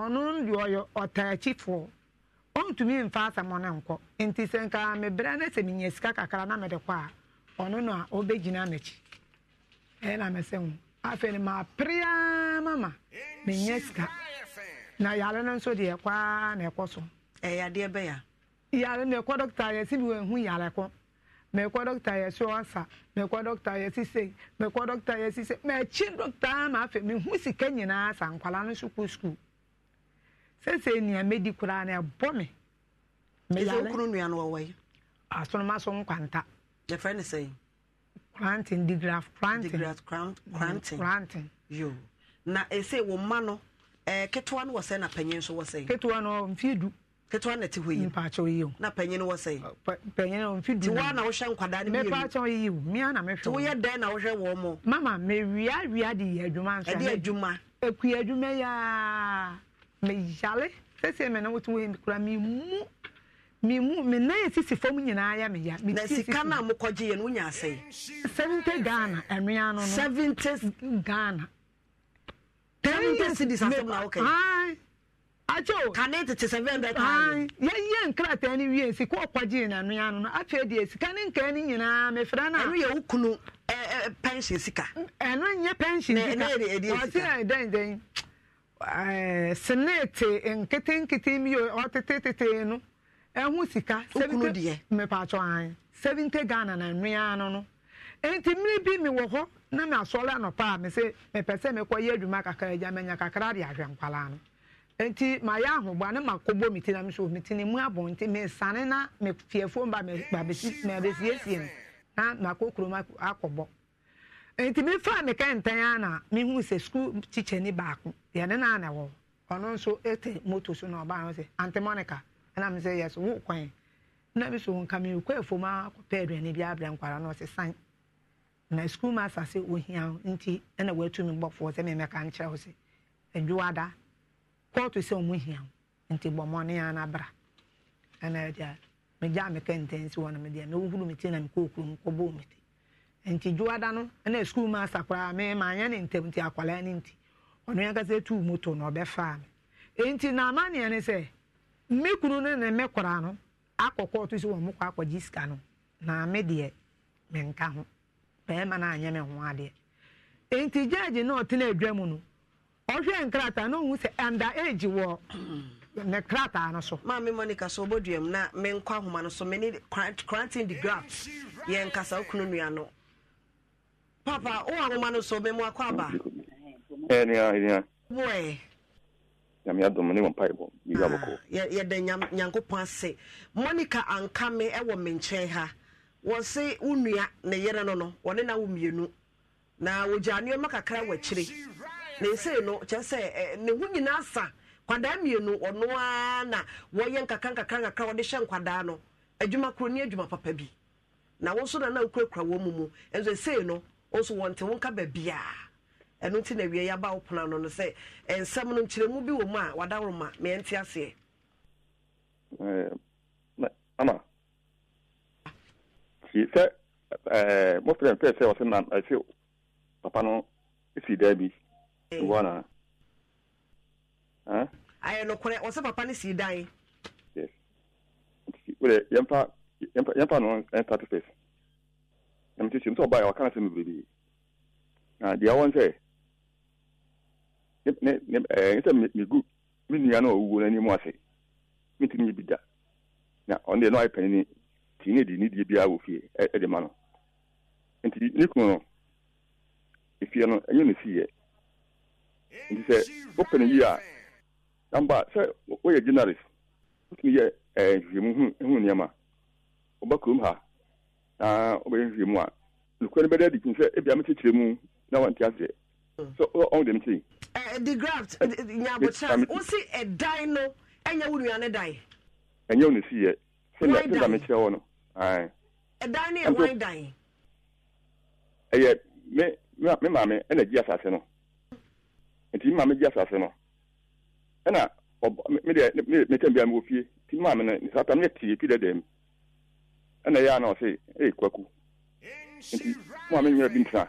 ɔno deɛ ɔyɛ ɔtaakyifoɔ ɔntumi mfa asɛm no nkɔ nti sɛ nka mebrɛ no sɛ menya sika kakra na mede kɔ a ɔno no a ɔbɛgyina ɛyɛ na mesɛ ho afei no mama menya sika na yare no nso deɛ kwaa na ɛkɔ so ɛyadeɛ bɛya yare mekɔ dɔkta yɛsi bi wɔahu yare kɔ mekɔ dɔkta yɛsi ɔsa mekɔ dɔkta yɛsi se mekɔ dɔkta yɛsi se mɛkyi dɔkta ma afei mehu sika nyinaa sa nkwala no kɔ sɛsɛ nea mɛdi koraa no ɛbɔ me meyɛwokunu nua no wɔwɔ yi asonoma so nkwanta yɛfrɛ no sɛ kranten digraf mm, kranten yo na ɛsɛ eh, wo ma no eh, ketewa no wɔ na panyin nso wɔ sɛ ketewa no mfie du ketewa na te hɔ yi mpaakyɛw yi na panyin no wɔ sɛ panyin no mfie du tiwa na wohwɛ nkwadaa no mmienu mepaakyɛw yi mmea na mehwɛ tiwoyɛ dɛn na wohwɛ wɔn mo mama mewiawia de yɛ adwuma nso ɛde adwuma ekuya adwuma yaa meyale sɛsɛ mɛ na wotumi yɛ kura memu memu me nan yɛ sisi fam nyinaa yɛ meya. na sika na mo kɔgye yɛ no wonya asɛe. seventy ghana ɛnua no no. seventy ghana. seventy cities asɛm na wɔkɛ. akyɛw. kane tete seven hundred thousand. yɛyɛ nkrataa ni wie sika ɔkɔgye yɛ n'anua no no afei deɛ sika ne nkaa ne nyinaa mefra na. ɛnu yɛ wukunu ɛɛ pension sika. ɛnu nyɛ pension sika. na ɛnu yɛ de ɛdi yɛ sika. wɔsi na ɛdɛn dɛn. Eh, senate eh, nketenkete mi ɔtetetete no ɛho eh, sika mepatɔ anyị seventy ghana na nnua no no nti mmiri bi mi wɔ hɔ na mi asɔre anɔpa a mi sɛ mepɛ sɛ mekɔ edwuma adwuma kakra agya menya kakra de ahwɛ nkwalaa no nti ma ya ahụ gbaa na ma kɔbɔ mi ti na mi so oh, mi ti ne mu abɔ nti mi nsane na mi fiefo ba mi ba mi siesie no na ma kɔ kurom akɔbɔ. nti mefa meka ntan a na mehu sɛ sukuu tikya ni baako yɛne no a na ɛwɔ ɔno nso te moto so na ɔbaa no sɛ antemonica ɛna me sɛ yɛ wo kwan na me so nka mekɔ afom a kɔpɛ aduane bi abrɛ nkwara no ɔse san na sukuu ma asase ohia nti ɛna watu me bɔfoɔ sɛ memɛka nkyerɛ wo sɛ adwuada kɔɔto sɛ ɔmo hia nti bɔmmɔne a na bra ɛna ɛgya megyaa meka ntan si hɔ no medeɛ mewuhuru me ti na mekɔɔ kurom kɔbɔɔ me ti nti juada no na school master koraa me ma anya ne ntɛm nti akwalaa ne nti ɔno ankasa tu moto na ɔbɛfaa me nti na amanneɛ ne sɛ me kunu no ne me koraa no akɔ kɔɔto sɛ wɔn mo kɔ akɔgye sika no na me deɛ menka ho bɛrima na anya me ho adeɛ nti gyaagye na ɔtena adwa mu no ɔhwɛ nkrataa na ohun sɛ under age wɔ mm. ne krataa no so. maame monica so ɔbɔ dua mu na menkɔ ahoma no so mene kranten de graft yɛn nkasa okunu nua no. papa wo ahoma no so memu akɔ aba ɛnea eh, ɛnea boɛ nyame adom ne wɔ mpaebɔ yɛyɛ abɔkɔ ah, yɛda nyankopɔn ase monica ankame ɛwɔ me nkyɛn ha wɔn se wo ne no no na wo mmienu na kakra na ɛsei no kyerɛ sɛ mmienu na wɔyɛ nkakra nkakra nkakra no adwuma adwuma papa bi na na na mu nso wɔn te wonka baabi a ɛno nti na awia yaba wo pono ano no sɛ nsɛm no nkyerɛmu bi wɔ mu a wada woro ma meɛnte aseɛ ama tie sɛ mo frɛ mpɛ sɛ ɔse nan ɛsɛ papa no si daa bi wɔ na ayɛ nokorɛ ɔsɛ papa no si dan yɛmfa yɛmfa no ɛntate fɛs ɛmtete ntɛ ɔbaɛ ɔka no sɛ no bebree na ah, deɛ wɔn sɛ ne ne eh, ɛɛ sɛ megu mi nua no a owuo n'anim ase mi ti ne bi da na ɔno deɛ n'ayɛ panyin ti ne di ne die biara wɔ fie ɛde ma no nti ne kunu no efie no ɛnyɛ ne fie nti sɛ wopɛ ne yie a namba sɛ woyɛ journalist wotumi yɛ ɛɛ eh, nhwehwɛmu hu hu nneɛma wobɛ kurom ha na wobɛyɛ nhwehwɛmu a nukuri no bɛda adi kun sɛ ebi a mekyerɛkyerɛ mu na wante aseɛ mm. so ɔn dem ti. Eh, eh, the graft eh, nyabotan o si ɛdan no ɛnyɛ wo nua ne dan. ɛnyɛ wo ne si yɛ sɛnɛ sɛnɛ mi kyerɛ wɔ no. ɛdan ne yɛ wɔn dan. ɛyɛ me me maame ɛna gye asase no nti me maame gye asase no ɛna ɔba me deɛ me me tɛn bia me wɔ fie ti maame no ne sata me yɛ tie pi dɛ dɛm ɛna yɛ a na ɔse ee kwaku nti maame nyɛ bi ntina.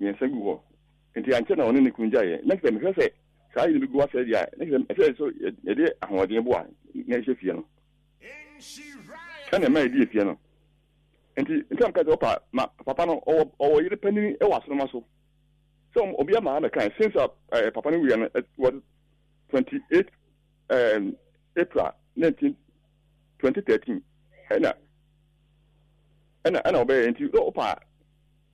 mmiɛnsa gu hɔ nti ankyɛ na ɔne ne kun gyaeɛ next time hwɛ sɛ saa yɛ bi gu asɛ deɛ next time ɛsɛ so yɛde ahoɔden bo a na ɛhyɛ fie no ɛna ɛma yɛde fie no nti nsɛm ka sɛ ɔpa ma papa no ɔwɔ ɔwɔ yere panini ɛwɔ asoroma so sɛ obi ama ha mɛka since ɛɛ uh, uh, papa no wia no ɛwɔ twenty eight ɛɛ um, april nineteen twenty thirteen ɛna ɛna ɛna ɔbɛyɛ nti ɔpa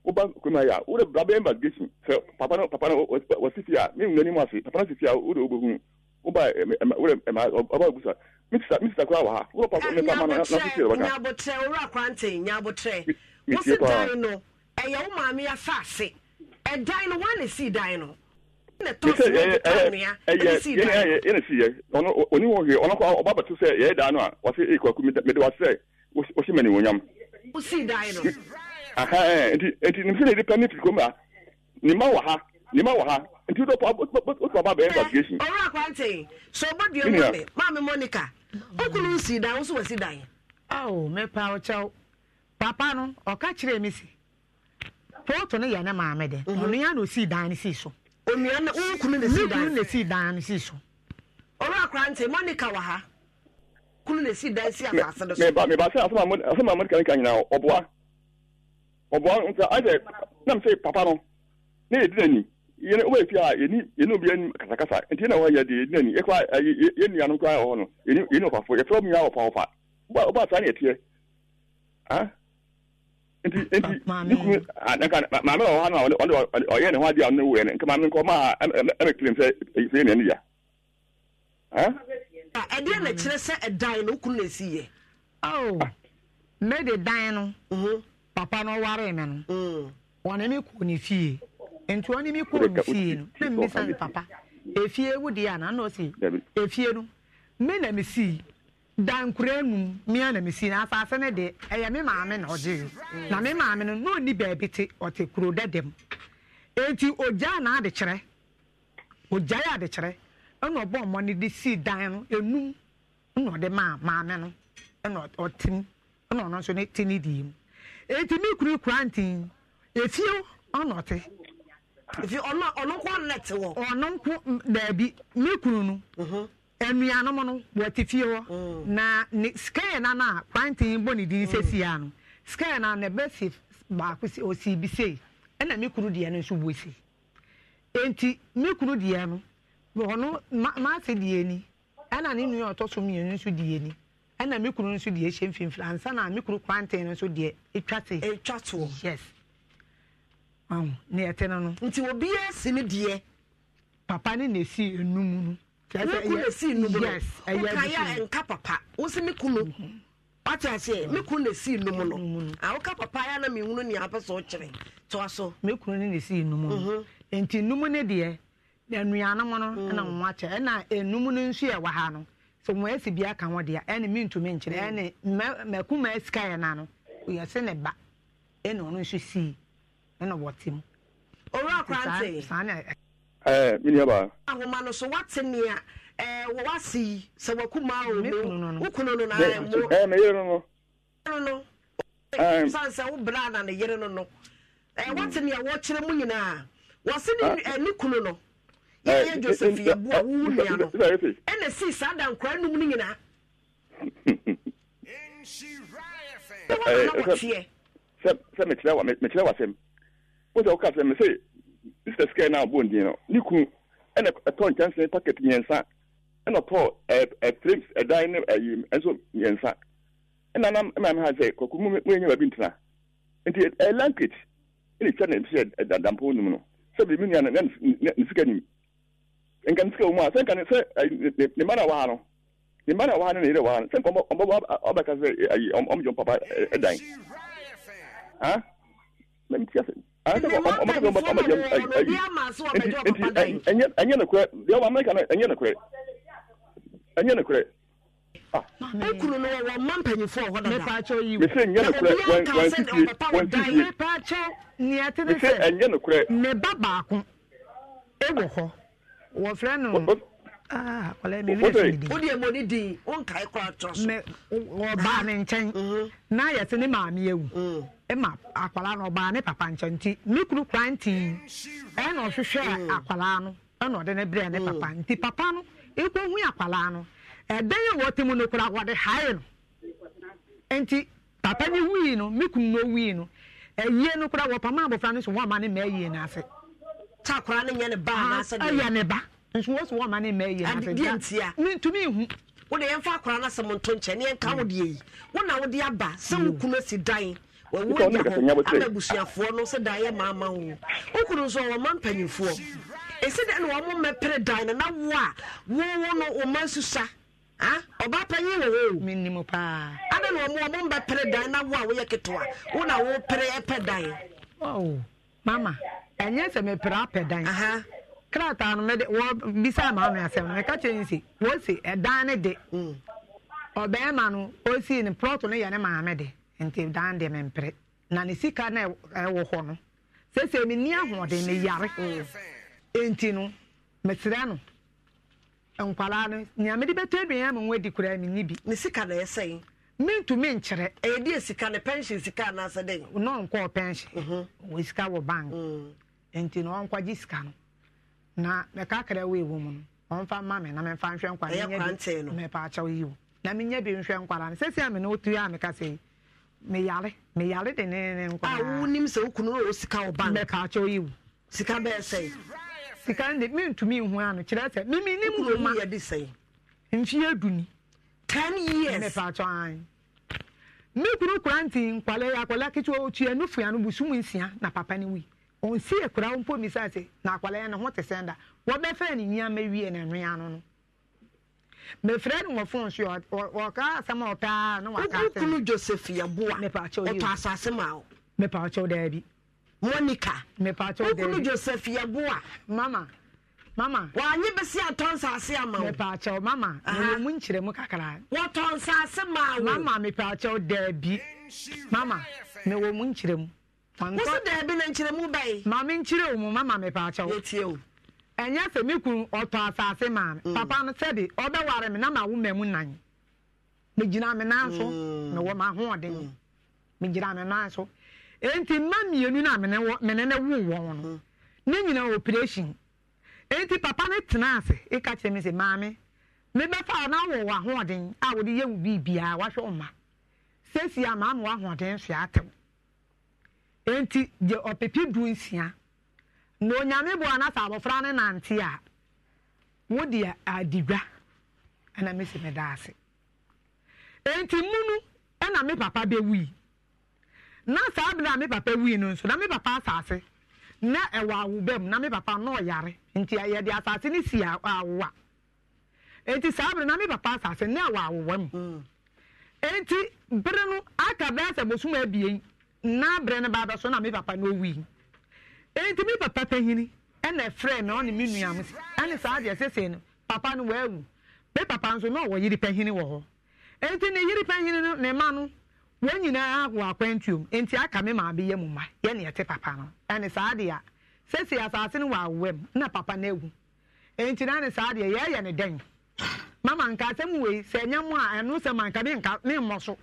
woba kuma ya wode bra bɛ investigation sɛ papa no papa no wɔsi fi a mi nwura mu ase papa no e si fi a wode obo hun woba ɛma wode ɛma ɔba obusa misisa misisa kura wɔ ha wode papa ne papa no na fi fi ɛrɛ baka. nyabotrɛ owura kwante nyabotrɛ wosi dan no ɛyɛ wo maame afa ase ɛdan na si dan no ɛna tɔso wɔn kita dan no. ɛna si yɛ ɔno oni wɔn hwɛ ɔno kɔ ɔba bɛto sɛ dan no a wɔsi ekɔ kumida aha nti nti nim sɛ nedi pɛne firi kom a ne ma wɔ ha ne ma wɔ ha nti so ɔbɔdua mu me maame monica okunu si mhm. dan wo so wasi dan ao mepa ɔkyɛw papa no ɔka kyerɛɛ me si pɔɔtɔ no yɛ ne maame dɛ ɔnua na osii dan no so na so na so ɔboa nke ayɛ papa nọ na yɛdi n'ani yɛn wɔyɛ fi a yɛni yɛni obi anim kasakasa nti na wɔyɛ de yɛdi n'ani yɛkɔ yɛn nua no kora wɔ hɔ no yɛni yɛni ɔfafo ya ɔfa ɔfa ɔba ɔba na yɛteɛ ah nti nti ha no a ɔde ne ho adeɛ a ɔno maame ma a ɛmɛ kirim sɛ sɛ yɛ n'ani ya na no na esi de dan no. papa no ware ne no ɔne mm. me kɔ ne fie nti ɔne me kɔ ne fie no na mmisa ne papa efie wo deɛ ana na ɔse efie no me na me si, dankura enum mmea na me si na asase ne deɛ ɛyɛ me maame na ɔgye yi na me maame no na ɔni baabi te ɔte kuro dɛdɛm eti ogya na adekyerɛ ogya yɛ adekyerɛ ɛna ɔbɔ ɔmɔ ne de si dan no enum ɛna ɔde maa maame no ɛna ɔte mu ɛna ɔno nso ne te ne die mu. eti mi kuru kura ntin efie ɔna ɔte. efi ɔno ɔno nko net wɔ. ɔno nko daabi mi kuru no. enuanom mhm. no wɔte fie hɔ. Mm. na ne sikɛɛ na na kwantin bɔ ne din sɛsi mm. ano sikɛɛ na na ɛbɛ si baako si osi bi sei ɛna mi kuru deɛ no nso bu si eti mi kuru deɛ no ɔno ma maase deɛ ni ɛna ne nua ɔtɔ so mmienu nso deɛ ni ɛna me kunu nso deɛ ɛhyɛ mfimfini ansa na me kunu kwanten nso deɛ ɛtwa te. ɛtwa toɔ yes ɔn ne ɛte no no. nti obi esi ne deɛ. papa ne na esi enum no. ne kunu esi enum no yes ɛyɛ ɛbi so no nka papa wosi me kunu mhm. wate aseɛ me kunu na esi enum no awoka papa ya na mi hunu nea apɛ so ɔkyerɛ toa so. me ne na esi enum no mhm. nti enum ne deɛ na nuanum no mhm. ɛna wɔn akyɛ ɛna enum no nso yɛ wɔ ha no. so mo esi bịa ka ho mm. ya ene mi ntumi nkyere ene maku mma esika na no ye se ne ba ene nso si ene wote m owura krante e, e. eh mi ne ba ahoma no so wate a eh wasi se waku ma o na mo eh Ee, eh, eh, eh. na yɛyɛ joseph yɛbu a wowu nua no ɛna se saa da nkora num no nyinaa mekyerɛ wasɛm wosɛ woka sɛ me se mr sky no abɔ ndin no ne kunu ɛna ɛtɔ nkyɛnsee packet mmiɛnsa ɛna ɔtɔ frames ɛdan ne ayi nso mmiɛnsa ɛna nam ɛma me ha sɛ kɔkɔ mu moɛnya baabi ntena nti language ɛne kyɛ ne sɛ dadampɔ num no sɛ biribi nua no ne sika nim nka nsika wɔn a sɛ nka ne sɛ ɛ ne mba wɔ e, e, ha no ne mba wɔ ha no na yɛrɛ wɔ ha no sɛ nka ɔmɔ ɔbɛka sɛ ayi ɔmɔ jɔn papa ɛdan ha mɛ n ti ase a sɛ ɔmɔ kɛse ɔmɔ jɔn ayi ayi nti nti ɛnyɛ ɛnyɛ ne korɛ deɛ ɔmɔ amɛrika no ɛnyɛ ne korɛ ɛnyɛ ne korɛ mese nyɛ ne korɛ wɔn mese ɛnyɛ ne wɔfrɛ no ah, wɔbaa ne nkyɛn mhm. na yɛte ne maame awu mhm. ma akwalaa no ɔbaa ne papa nkyɛn nti me kuru nti ɛna ɔhwehwɛ mhm. akwalaa no ɛna ɔde ne brɛ ne papa nti papa no ekohu akwalaa no ɛdan a wɔte mu no no nti papa ne no no ɛyie no so wɔn ama ne mɛ ta akwara ne nyɛ ne ba na-asọ ɛyɛ ne ba nso wɔn so wɔn ma ne mɛ yɛ ntia ntumi ihu wo de yɛn fa akwara n'asɛm nto nkyɛn ne yɛn ka wo deɛ yi wo na wo de aba sɛ wo mm. si dan wɔwu nya hɔ ama abusuafoɔ no sɛ dan yɛ wo nso wɔn ma mpanyinfoɔ esi na wɔn mo mɛpere dan no na wo a wo wo ma nsusa panyin mi ada na wɔn wɔn na wo a woyɛ ketewa wo na ɛnyɛ sɛ mepere apɛ dan krataa no mede bisa maa mi asɛm no meka kyerɛ nsi wɔsi ɛdan e ne de ɔbɛrima mm. no osi ne plɔt no yɛ ne maame de nti dan de mepere na ne sika na ɛwɔ e, e hɔ no sese mi ni ahoɔden mi yare nti no mesrɛ no nkwaraa no nea mede bɛtɔ aduane mu nwa koraa mi bi. ne sika na ɛsɛn. mintumi nkyerɛ. ɛyɛ di esika ne pension sika anaasɛ dɛ. nɔɔ nkɔɔ pension. Mhm. wɔ sika wɔ bank. Mm. nti na ɔnkwagye sika no na mɛka akra wei wɔ no na memfa nkwara mepaakyɛw yi o na menyɛ bi nhwɛ nkwara no sɛsi a na otu wotu a meka sɛ meyare meyare de ne ne nkwarawonim sɛ wokunu no ɔsika wo ba mepaakyɛw yi o sika bɛɛ sika de ano kyerɛ sɛ ten years an nkwale no nsia na papa ɔnsi akura mpo misa se na akwalaa ne ho te sɛn da wɔbɛfrɛ ne nneɛma wie ne nwea no no mefrɛ no wɔ fon so ɔka asɛm a ɔpɛa na waka asɛmkunu joseph yɛboa ɔtɔ asase ma wo mepaakyɛw daa bi monica mepaakyɛw daa bi kunu joseph yɛboa mama mama wàá bẹsí àtọ nsaase àmà o. mẹpẹ àkyẹw mama ẹnu mu nkyerẹ mu kakra. wọ́n tọ nsaase máa wò. mama mẹpẹ àkyẹw dẹẹbi mama mẹwọ mu nkyerẹ mu. wosi daabi na nkyerɛmu bɛyi. maame nkyerɛ mu Ma mi paakyɛw. yetie o. ɛnyɛ sɛ mi kun ɔtɔ asaase maame. Mm. papa no sɛbi ɔbɛware mi na ma awo mɛmu nan mi gyina mi nan so mi mm. wɔ ma ahoɔden mi mm. gyina mi nan so eti mma mmienu na mi ne wɔ mi ne ne wu wɔn no ne nyina operation eti papa ne tena ase eka kyerɛ mi sɛ maame mi bɛfa ɔna wɔ wɔ ahoɔden a wɔde yɛ wo biribiara wahwɛ ɔma sɛsi ama ama wɔ ahoɔden so atew. nti gye ɔpepi du nsia na onyame bu anasa abɔfra ne nante a wodi adigwa na mesi me ase nti munu na papa na saa bi na me papa nso na me papa asase na ɛwɔ awo bɛm na me papa na ɔyare nti nti saa na me papa asase na mm. nti bere no aka na brɛ no baaba so na me papa no owi enti me papa panyini ɛna ɛfrɛ me ɔne me nua mo si ɛne saa deɛ sesei no papa no waawu me papa nso na ɔwɔ yiri panyini wɔ hɔ enti ne yiri panyini no ne ma no wɔn nyinaa wɔ akwantuom enti aka me maa bi yɛ mo ma na yɛte papa no ɛne saa deɛ sesei asase no wɔ awowa mu na papa no awu enti na ne saa ya yɛyɛ ne dɛn mama nka asɛm wei sɛ ɛnyɛ mo a ɛno sɛ manka me nka me mmɔ so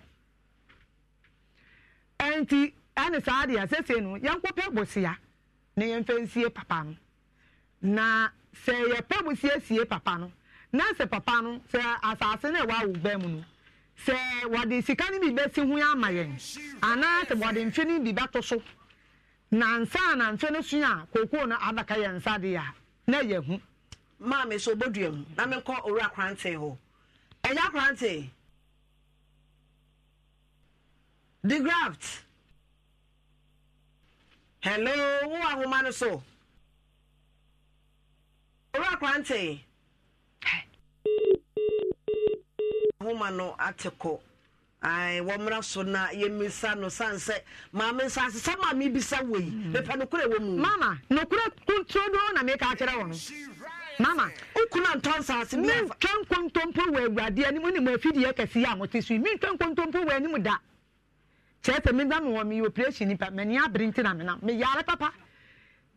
nti ɛne saa deɛ sɛsɛ no yɛnkɔpɛ bosia na yɛmfa nsie papa no na sɛ yɛpɛ bosia sie papa no na sɛ papa no sɛ asase no ɛwɔ awo bɛn mu no sɛ wɔde sika no bi bɛsi ho ama yɛn anaa sɛ wɔde mfe no bi bɛto so na nsa na mfe no so a kookoo no abaka yɛn nsa deɛ a na hu. maame so obodua mu na mekɔ owura kranten hɔ ɛnyɛ kranten the graft hello wụ ahụma no so orakwa ntị ahụma no atịkọ ayi wɔn mmerɛ so na yɛmisa no san sɛ maame nsa asesa maame bisa wɔ yi nipa nokura wɔ mu. mama nokura kuntun do na mi ka akyerɛ wɔn mama nkuna ntɔ nsaase bi afa. mi ntwɛn nkontompo wɔ awurade anim ne mo afidie kɛseɛ a mo ti so yi mi ntwɛn nkontompo wɔ anim da. kyerɛ sɛ meda me wɔ meyɛ operation nipa m'ani abere nti na menam meyare papa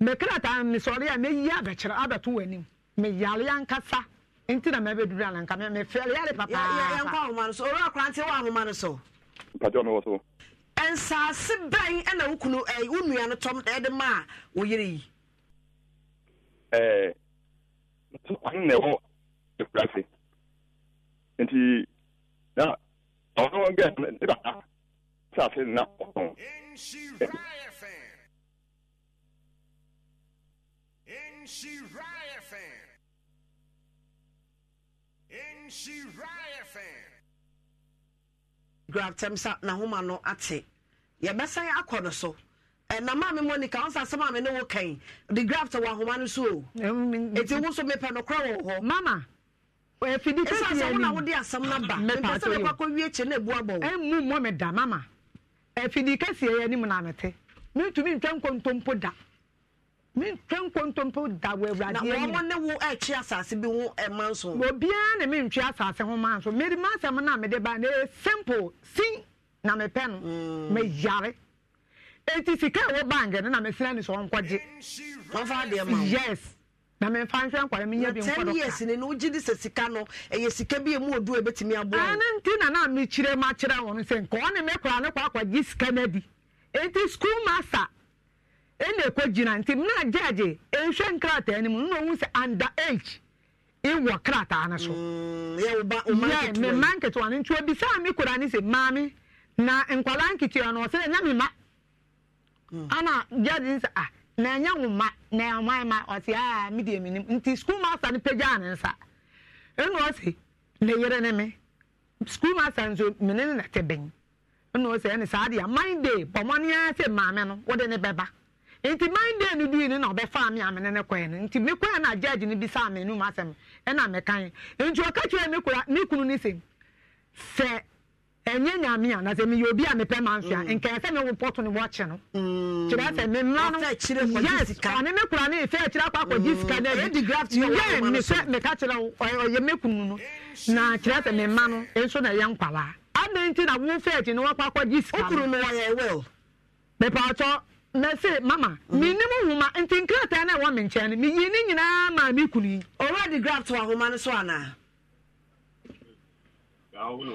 mekrataa mesɔre a mɛyi abɛkyerɛ abɛto w'anim meyare ankasa nti na mɛbɛduru ananka mefɛre yare papaapa nsase bɛn ɛna wo kunu wo nua no tɔm ɛde ma a wo yere yi kwan na ɛwɔ akura se nti na ɔno gɛ ne sase na ɔtɔn. draftem sa n'ahoma no ate yɛbɛsan akɔ no so eh, na maa monica ɔnsa asɛm a mi ne wo kɛn the graft wɔ ahoma no so o eti wo so mepɛ no kora wɔ hɔ. mama ɛfidi kɛseɛ ni ɛsɛ sɛ wɔn na wɔde asɛm na ba mpɛsɛ bɛ kɔ wie kyɛ na ebu abɔ o. ɛmu mɔ da mama afidie kɛseɛ yɛ anim na mete mentumi ntwa nkontompo da mentwa nkontompo da wɔ awurade anim na wɔn ne wo ɛtwe eh, asase bi ho ɛma eh, nso obiara na mentwe asase ho ma nso mmeri ma asɛm na mede ba na ɛyɛ eh, simple sin na mepɛ no hmm. meyare eti sika a ɛwɔ bank no na mesina ne sɛ ɔnkɔgye yes na memfa nhwɛ nkwadaa mi nyɛ bi nkɔdɔ ka ten years ni na o gyi di sɛ sika no ɛyɛ sika bi emu odu ebetumi aboa wo. ɛne nti na naa mi kyerɛ ma kyerɛ wɔn sɛ nka ɔne mi kora ne kɔ akɔgye sika na di nti school master ɛna ekɔ gyina nti mu na gyaagye nhwɛ nkrataa ne mu na ohun sɛ under age ɛwɔ krataa ne so. Mm, yɛ ɔba ɔma nketewa yi yɛ mmaa nketewa ne nti obi saa mi kora ne sɛ maame na nkwadaa nketewa no ɔsɛ ɛnyɛ mi ma. Mm. ana gyaagye sɛ ah. na enye ma na enwa ma ọsị a ah, midi emini nti skuul masta ni pagya ne nsa enu ọsị na yere ne me skuul masta nso mene na nate bɛn enu ọsị na saa deɛ ya maịnde bɔmɔ ne ya sɛ maame no wɔde ne bɛba nti maịnde day no dii ne na ɔbɛfa mi amene ne kɔɛ no nti me kɔɛ na judge na bi sa me enum asɛm ɛna me kan nti ɔka kyerɛ me kura me kunu ne sɛm ɛnyɛ nyame a na sɛ meyɛ obi a mepɛ ma mfe nke nkɛyɛ sɛ mewo pɔto ne wɔkye no mm. kyerɛ sɛ memma noyesane me kora ne ɛfɛ akɔgye mm. sika no sɛ meka kyerɛ wo ɔyɛ no na kyerɛ sɛ memma na ɛyɛ nkwalaa adɛn nti na wofɛ akyi no wɔkɔ akɔgye sika no mm. na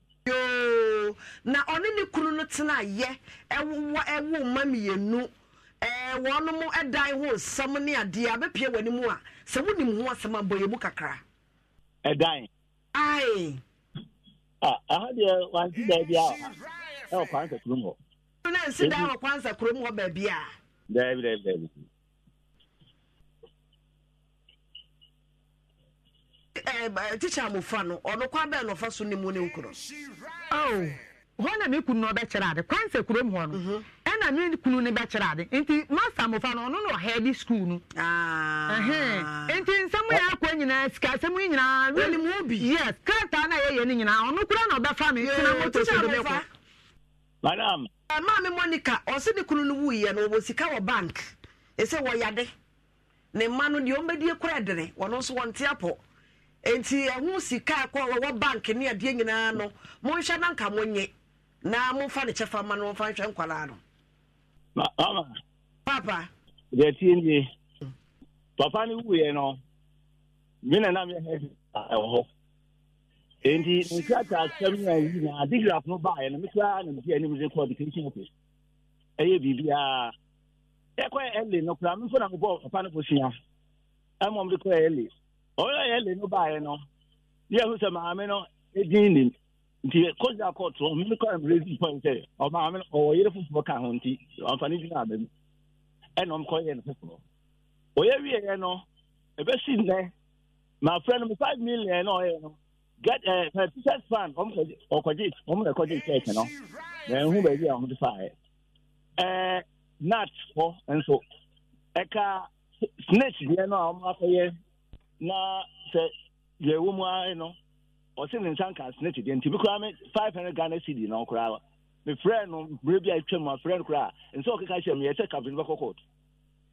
yoo na ɔne ne kunu no tena yɛ ɛwɔ ɛwɔ mma mmienu ɛɛ wɔn mo ɛdan ho nsɛm ne adeɛ abɛpie wɔ anim a sɛ wonim ho asɛm abɔ yɛ mu kakra. ɛdan. ae. a aha deɛ wansi dan bi a ɛwɔ kurom hɔ. ɛna nsi dan wɔ kwanza kurom hɔ baabi a. dɛbi dɛbi dɛbi. teacher amofra no ɔno kwan bɛn na ɔfa so ne mu ne nkuro. ɔwɔ oh, hɔ na mi kunu na ɔbɛkyerɛ ade kwan sɛ kurom hɔ no mhm. ɛna mi kunu ne bɛkyerɛ ade nti master amofra no ɔno na ɔha bi school no. Ah. nti nsɛm yɛ akɔ nyinaa sika nsɛm yi nyinaa. wɛni mu bi. yes krataa na yɛyɛ ne nyinaa ɔno kura na ɔbɛfa mi. yɛɛ teacher monica ɔsi ne kunu no wuyɛ no wɔ sika wɔ bank ɛsɛ wɔyade ne mma no deɛ ɔmbɛdie kora ɛdene wɔno nso wɔnte apɔ nti ɛho sika ɛkɔ wɔwɔ bank ne adeɛ nyinaa no monhwɛ na nka monyɛ na momfa ne kyɛfa ma no momfa nhwɛ no papa deɛtie nie papa no wuiɛ no me na na meyɛ ɛwɔ hɔ enti nkrata asɛm no ayi na digraf no baeɛ no na anim de kɔ education office ɛyɛ biribiaa ɛkɔɛ ɛle memfo na papa no de kɔɛ ɛle ɔyɛ yɛ lɛ no baayɛ no yɛ ho sɛ maame no edin nim nti kɔdza kɔtɔ ɔmo kɔ ɛmbrɛsi pɔn sɛ ɔmaame no ɔwɔ yere foforɔ ka ho nti ɔnfani bi n'aba mu ɛna e ɔmo kɔ yɛ no foforɔ ɔyɛ wie yɛ no ebesi nnɛ ma fɛ no five million na ɔyɛ no get ɛɛ eh, fɛ teachers fan ɔmo kɔ ɔkɔgye ɔmo na ɛkɔgye church no ɛnhu baabi a ɔmo ti fa yɛ ɛɛ nat hɔ nso ɛka e snitch deɛ no a ɔmo afɔ yɛ na sɛ deɛ ɛwɔ mu ara no ɔsi ne nsa nka asene te deɛ nti bi koraa me five hundred ghana cd na ɔkoraa mefrɛ no mmerɛ bi a atwa mu afrɛ no koraa nsɛ ɔkeka hyɛ mu yɛsɛ kapten bɛkɔ court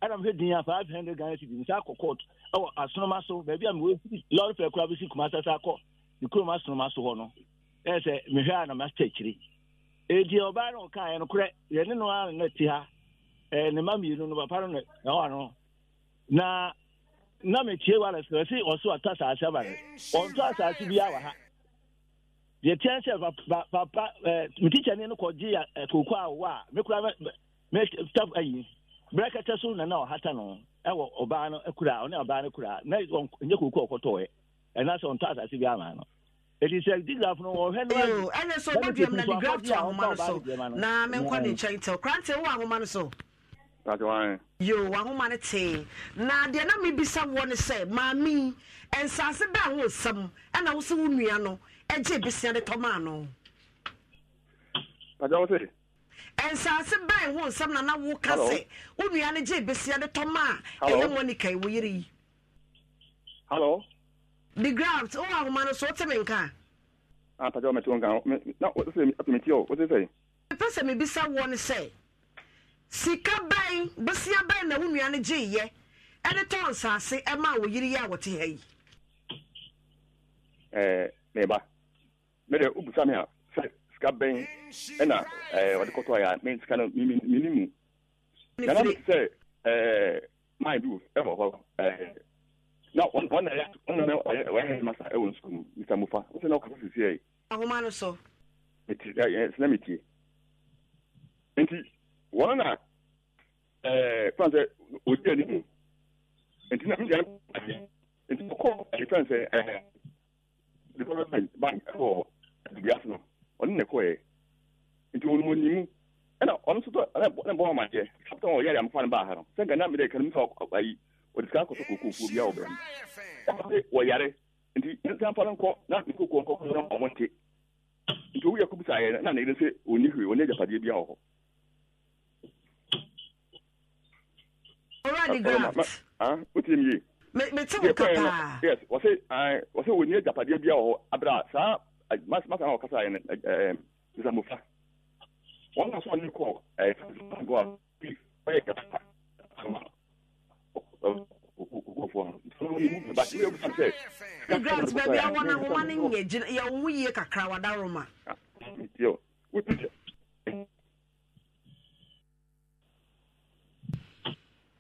ɛna mehwɛ din a five hundred ghana cd nsa akɔ court ɛwɔ asoroma so baabi a mewɔ lɔre fɛ koraa bɛsi kuma sasa akɔ ne kurom asoroma so hɔ no ɛyɛ sɛ mehwɛ a na masta akyiri ɛdi ɔbaa no ɔkaa yɛ nokorɛ yɛne no a na te ha ɛɛ ne ma mmienu no papa no na ɛwɔ ano na na metie na ɔsi ɔso ɔtɔ asase ama no asase bi awa ha sɛ papa no koko a mekura me tap ayi brɛkɛtɛ so na na ɔhata no ɛwɔ ɔbaa no kura ɔne ɔbaa no kura na ɔn koko ɔkɔtɔ yɛ ɛna asase bi ama no sɛ na ne graf to mm. ahoma no so na menkɔ ne nkyɛn yo wahoma no tee na deɛ na mi mebisa woɔ ne sɛ maame nsase da ho nsɛm ɛna wo sɛ wo nua no agye bisia de tɔmaa no nsase bɛn ho nsɛm na na woka sɛ wo nua no gye bisia de tɔma a ɛne monica wo yere yi hello the graft wo ahoma no so wote me nka a ah, pagya wo mɛte wo nka na wosɛ mete o wosɛ sɛ mepɛ sɛ mebisa woɔ ne sɛ sika bɛn bosia bɛn na wo nua no gye yɛ ɛde tɔ nsaase ɛma wɔ yiri yɛ a wɔte ha yi. ɛɛ mɛba mɛ dɛ ubusa mi a sɛ sika bɛn ɛna ɛɛ ɔde kɔtɔ ya mɛ sika no mi mi mi ni mu yàrá mi sɛ ɛɛ maa du ɛwɔ hɔ ɛɛ na wɔn wɔn na yɛ wɔn na ɔyɛ ɔyɛ masa ɛwɔ nsukku mu mr mufa wɔn sɛ na ɔkasa sisi yɛ. ahoma no sɔ. eti ɛɛ sinɛ mi tie wọn na ɛɛ fan sɛ na nti na ɛkɔ yɛ nti wɔn mu onimu ɛna ɔno nso tɔ ɛna bɔ ɔmo adeɛ kapitɛn wɔ yɛre ndị baa ha no a na nkɔ na owura ni graft. o ti mi ye. mɛ ti mu kapa. yes wɔsi ɛɛ wɔsi wo ni ye japadeɛ bi wɔ abira saa mas mas an kasa yɛ ɛɛ nisamufa wɔn na sɔn ne kɔ ɛɛ sanfɛ gɔ bi o ye gata kama o ko fɔ n. graft bɛɛ bi awɔ na wɔn ni yɛ yɛ wu ye kakra wa da roma. o ti sɛ.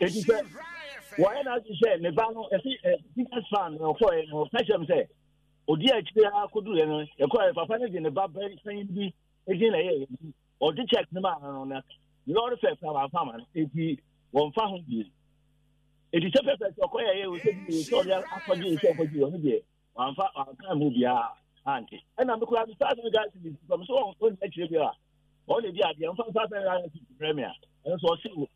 eti sɛ wɔyɛ na ati sɛ ne ba no ɛsi ɛ tikas fan ɔfɔ yɛ no ɔfɛ kyɛm sɛ odi akyire ha kodu yɛ no yɛkɔ yɛ papa ne de ne ba bɛ sɛn bi edi na yɛ yɛ bi ɔdi check ne ma ano na lɔri fɛ fɛ wàá fama eti wɔn fa ho bie eti sɛ pɛpɛ sɛ ɔkɔ yɛ yɛ o sɛ bi yɛ sɛ ɔdi akɔgye yɛ sɛ ɔkɔgye yɛ ɔno deɛ wɔn fa wɔn kan mu bia ante ɛna mi kura mi saa mi gaasi mi sɔmi ah, eh, so wɔn ɔdi akyire bi a ɔn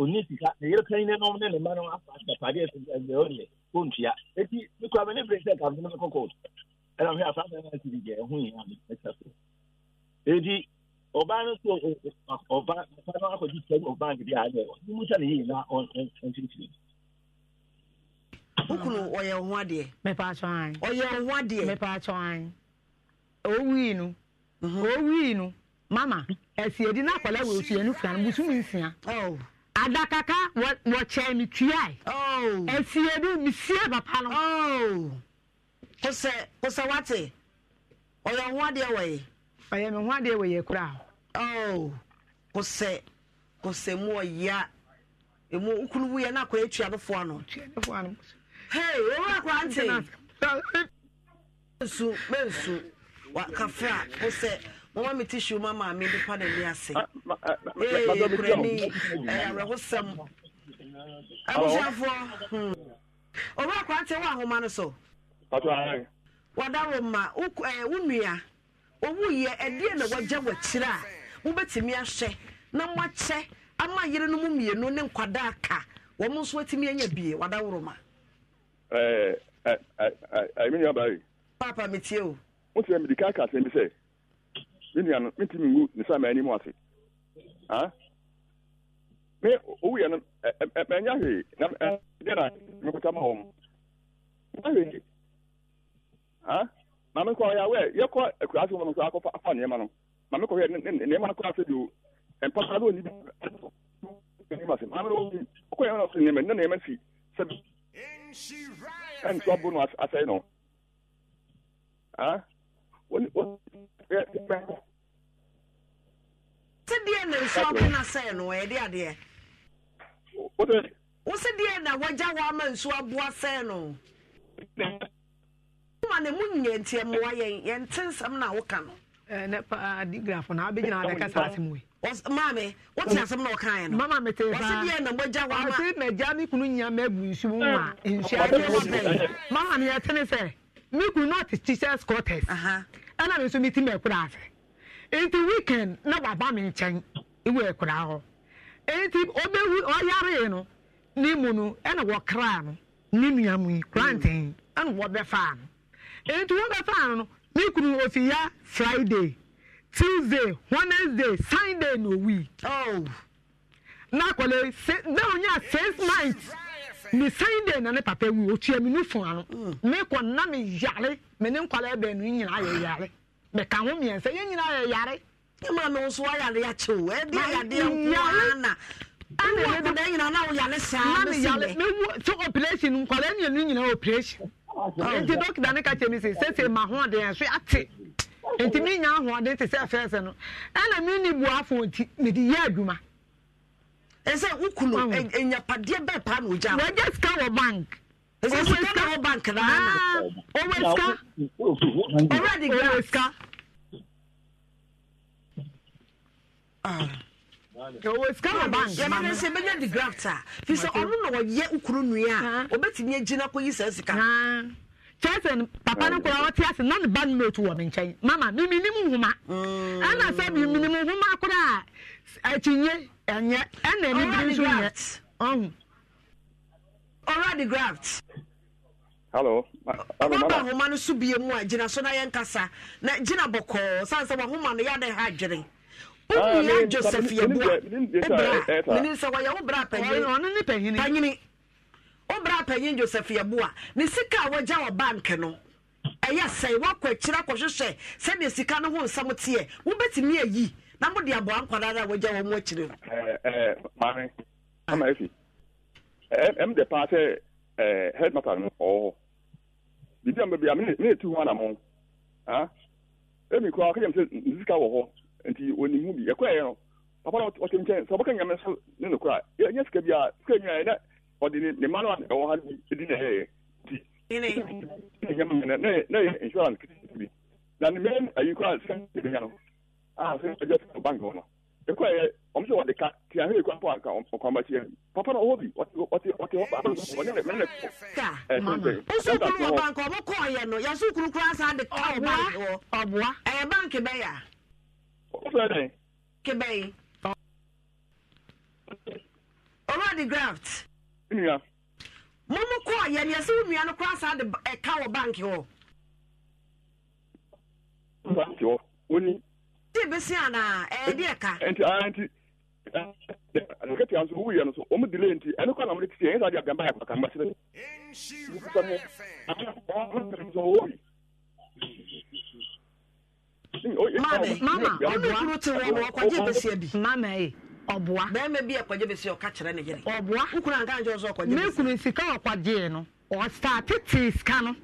onye sika na yɛrɛ kan yi ne nɔm ne ne ma nɔm afa asapade ɛsɛ ɛsɛ ɔdeɛ ko ntua eti ne kura mi ne bere sɛ kafe ne mi kɔkɔ ɛna mi afa fɛn fɛn siri jɛ ɛho yi ami ɛsɛ so eti ɔbaa no so ɔbaa ɔbaa no akɔju sɛ ɔbaa gidi ayɛ ɔni mu sɛ ne yi na ɔnfifiri. kukuru ɔyɛ ɔho adeɛ. mɛpɛ atɔ an. ɔyɛ ɔho adeɛ. mɛpɛ atɔ an. owii no. owii no. mama ɛsi edi n'akɔla wɔ osu yɛn fila no busum nsia oh. adakaka wɔkyɛn mi tua yi oh. ɛsi edi mi sie papa no. Oh. kosɛ kosɛ wate ɔyɛ ho adeɛ wɔ yi. ɔyɛ mi ho adeɛ wɔ yɛ kura. kosɛ kosɛ mu ɔya emu nkulu wuyɛ n'akɔ etua ne foa no. hei ewu akora nti. mensu mensu wa kafe a kosɛ mama mi ti siw ma maa mi de pa na ni ase ee kurani awerɛhosɛm abusuafoɔ owura kwante wɔ ahoma no so ah? wadaro ma wo nua owuyɛ ɛdeɛ na wagya w'akyiri a wobɛtumi ahyɛ na moakyɛ ama yere no mu mmienu ne nkwadaa ka wɔn nso atumi anya bie wadaworo ma. ɛɛ ɛɛ ɛɛ ɛmi ni aba yi. paapa mi tie o. mo ti sɛ mi di kaa kaa sɛ mi sɛ ne nua no metumi ngu ne sa ma anim ase ha me owuyɛ no manya hwee na deɛ na me ma hɔ m na hwee ha ma mekɔ yɛ awɛ yɛkɔ akuraase hɔ no so akɔfa afa nneɛma no ma mekɔ hwɛ nneɛma no kɔ afɛ bio mpasa no ɔni bi anim ase ma mekɔ yɛ no so nneɛma ne nneɛma si sɛ ɛnto abo no asɛe no ha sɛ deɛ na nsu abena sɛe no ɛde adeɛ wo sɛ deɛ na wagya hɔ ama nsu aboa sɛe no ma ne mu nyɛ nti mmoa yɛn yɛnte nsɛm na woka no eh, ah, digrafo na abɛgyina abɛka saa asɛm wei maame wote asɛm na ɔkaeɛ no mama mete saasɛdeɛ na mogya wama sɛ magya me kunu nya mabu nsu mu ma mm. nsu ayɛ mama meyɛtene sɛ mikuru north teachers quarters ɛna mi nso mi ti ma ɛkura ase nti weekend na baba mi nkyɛn ewu ɛkura hɔ nti obehu ɔyare no n'imu no ɛna wɔkra no ne nua mu yi plantain ɛna wɔbɛfa no nti wɔbɛfa no mikuru ofi ya friday tuesday wednesday sunday na owi na akɔle se na onyaa six months. ne sunday de ne papa wu otua mi nufu ano me kɔ na me yare me ne nkwadaa bɛn no nyinaa yɛ yare mɛ ka ho mmiɛnsa yɛn nyinaa yɛ yare. ẹ máa mi nso ayare akyew ẹ di ayade nkwaa na ɛna ɛna ɛna ɛnyina na ɔyare saa ɛna yare mɛ wu so operation nkwadaa ɛna ɛnu nyinaa operation nti dɔkita ne ka kyerɛ mi sɛ sɛsɛ ma ho ɔden ɛso ate nti mi nya ahoɔden te sɛ ɛfɛ ɛsɛ no ɛna mi ni buafo nti mi di yɛ adwuma ɛsɛ wokunu ɛnyapadeɛ bɛɛ paa na ogya wɔgya sika wɔ bank ɛsɛ sika na bank na ana ɔwɔ sika ɔwɔ de bank yɛma ne sɛ ɛbɛnya de graft a na wɔyɛ wokunu nua a ɔbɛtumi agyina kɔyi saa sika kyerɛsɛ papa no koraa ɔte ase na ne ba no mɛtu wɔ me nkyɛn mama miminim nhoma ɛna sɛ miminim nhoma koraa akyinye ɛnyɛ ɛna bibiri nso nyɛ ɔhun ɔwura de graft. Hello. Ọba ahoma no so bie mu a gyina so na yɛn na gyina bọkọ san sɛ wahoma no yɛada ha adwene. Onua ah, Joseph Yabua ebra mene sɛ wɔyɛ wo bra panyin ɔno ne panyin panyin wo bra panyin Joseph Yabua ne sika a wọgya wɔ bank no ɛyɛ sɛ wɔkɔ akyire akɔhwehwɛ sɛdeɛ sika no ho nsɛm teɛ wobɛtumi ayi. na mo de aboa nkwadaa na wagya wɔn akyire no. ɛɛ ɛɛ maame ama efi ɛɛ ɛm de paa sɛ ɛɛ headmaster no ɔwɔ hɔ bibi a mbɛbi a mene mene ho anamɔ ha emi koraa ɔka yɛm sɛ nsika wɔ hɔ nti onim mu bi ɛkɔ yɛ no papa na ɔte nkyɛn sɛ ɔbɛka nyame nso ne no koraa yɛ sika bi a sika nyina yɛ dɛ ɔde ne ne mma no a ɛwɔ ha bi di na ɛyɛ ti. ne yɛ insurance bi na ne mɛ ayi koraa sika ne bɛ no ahụ ɛgye fɛ bank hɔ no ekura yɛ wɔn sɛ wɔde ka tia hɛ ekura pɔ aka ɔkwan ba kyerɛ papa na ɔwɔ bi ɔte ɔte hɔ ba bank ɔne ne mene kɔ ɛɛ tɛntɛn nso kuru wɔ bank ɔmo oh. kɔɔ yɛ no yasu kuru kura san eh, de ka wɔ bank wɔ ɔboa ɛyɛ bank bɛ ya. ɔfɛ dɛ. kibɛ yi. ɔmɔ di graft. nnua. mo mo kɔɔ yɛ ni yasu nnua no kura san de ka wɔ bank wɔ. Oh. bank wɔ oh. woni ti bi si ana ɛdi eh, eh, ɛka. Eh, nti aa ah, nti ɛkɛtɛ aso wo wuyɛ no so wɔn mu delay nti ɛno kɔ na wɔn ti se yɛn sɛ adi agamba yɛ kaka mba sere. nkuta mi ɔn ɔn sɔ wo yi. maame mama ɛbi kuru ti wɔ wɔ ɔkɔgye besi bi. mama yi ɔboa. bɛrima bi ɛkɔgye besi ɔka kyerɛ ne yere. ɔboa nkuna nka nkyɛn sɔ ɔkɔgye besi. mekuru sika ɔkɔgye yɛ no ɔsaate ti sika no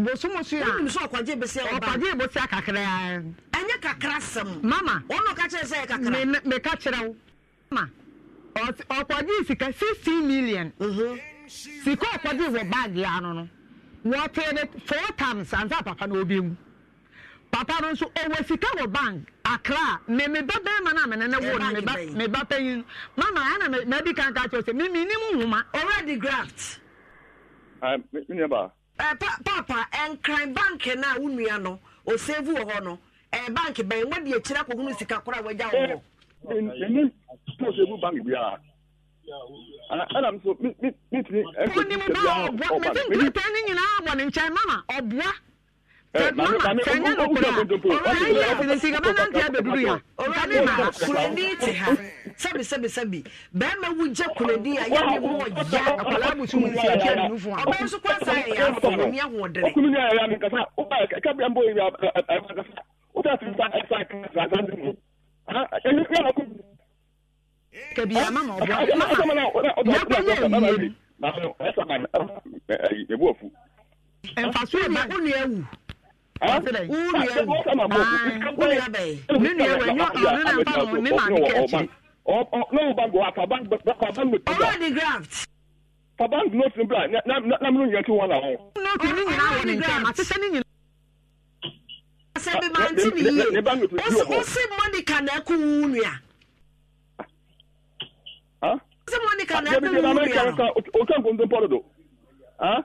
bosomoso yɛ a ɔkɔgye besi akakra yɛ ɔnyɛ kakra sɛm. mama ɔno ka kyerɛ sɛ ɛyɛ kakra. me me ka kyerɛ wo. mama ɔkɔdi sika sixteen million. Mhm. sika ɔkɔdi wɔ baagi ano no wɔte ne four times ansa papa no obi mu papa no nso ɔwɔ sika wɔ bank akra me me ba bɛrima na mene ne wo no me ba me ba panyin mama ɛna me ma di kan ka kyerɛ sɛ me me nim nwoma. already graft. ɛɛ mi nua ba. ɛɛ pa paapa nkran bank na wo nua no o save wɔ hɔ no ɛɛ banki bɛn wɔn de ekyir akɔkunu sika kora wɔgya wɔ. ɛni sports ebu bank bi a ɛna mi so mi mi mi ti. onim bá ɔbɔ mɛtí nkirata ni nyinaa wɔ ne nkyɛn mama ɔbua. ɛ maame maame ɔmu ɔmu sɛ kontompo ɔmu sɛ ɔmu sɛ sika bɛ nante abɛduru ya ɔwurade ma kuledi ti ha sɛbi sɛbi sɛbi bɛrima wu gye kuledi a yanni mu wɔ ya akwalaa musu mu si afi ɛnu fún wa ɔbɛn so kɔ sa yɛ yɛ afɔ ɔmu yɛ ahoɔdere. ɔkunu ni ayɛlɛ mi kasa ɔba ɛkɛ bi an bɔ yi bi a ɛɛ ɛɛ kasa o ta tun ta ẹsẹ akẹsẹ ẹsẹ mà ẹbú ẹ ma unu ewu. unu ewu unu abẹ nínú ewu ẹyọ ọdún náà bá wọn mímà ní kẹkẹ. lọ́wọ́ bá gbọ́ àfàbá àfàbá mi tó bá. ọwọ́ di asɛbi mante ne yie wosi monica na ɛko wu nua wosi monica na ɛko wu nua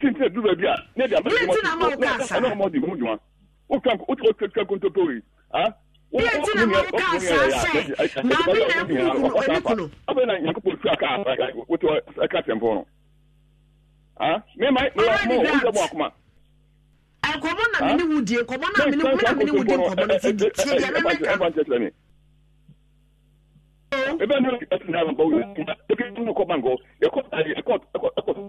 tintin du baabi a ne de abɛn mu ɔtí ɛnna ɔmɔ di mu juma o kan o tɛ o tɛ kontopo yi a. Bíyẹn tí na mọ̀ ká àṣàṣe, bàbá mi náà kúrò kúrò ẹni kúrò. Abẹ́ na yẹn kó pọ̀ sí àká wọ́n ti wọ́n ẹ̀ka tẹ̀ mpọ̀ nù. Mi ma mi ma mo o jẹ mo akuma. Nkɔmɔ na mi ni wu di nkɔmɔ na mi ni wu na mi ni wu di nkɔmɔ na ti di ti di ɛmɛ mɛka. Ebe ni o ti ɛsìn náà bọ̀ wọ́n yẹ kí n kọ́ bá nkọ́ ẹ̀kọ́ ẹ̀kọ́ ẹ̀kọ́.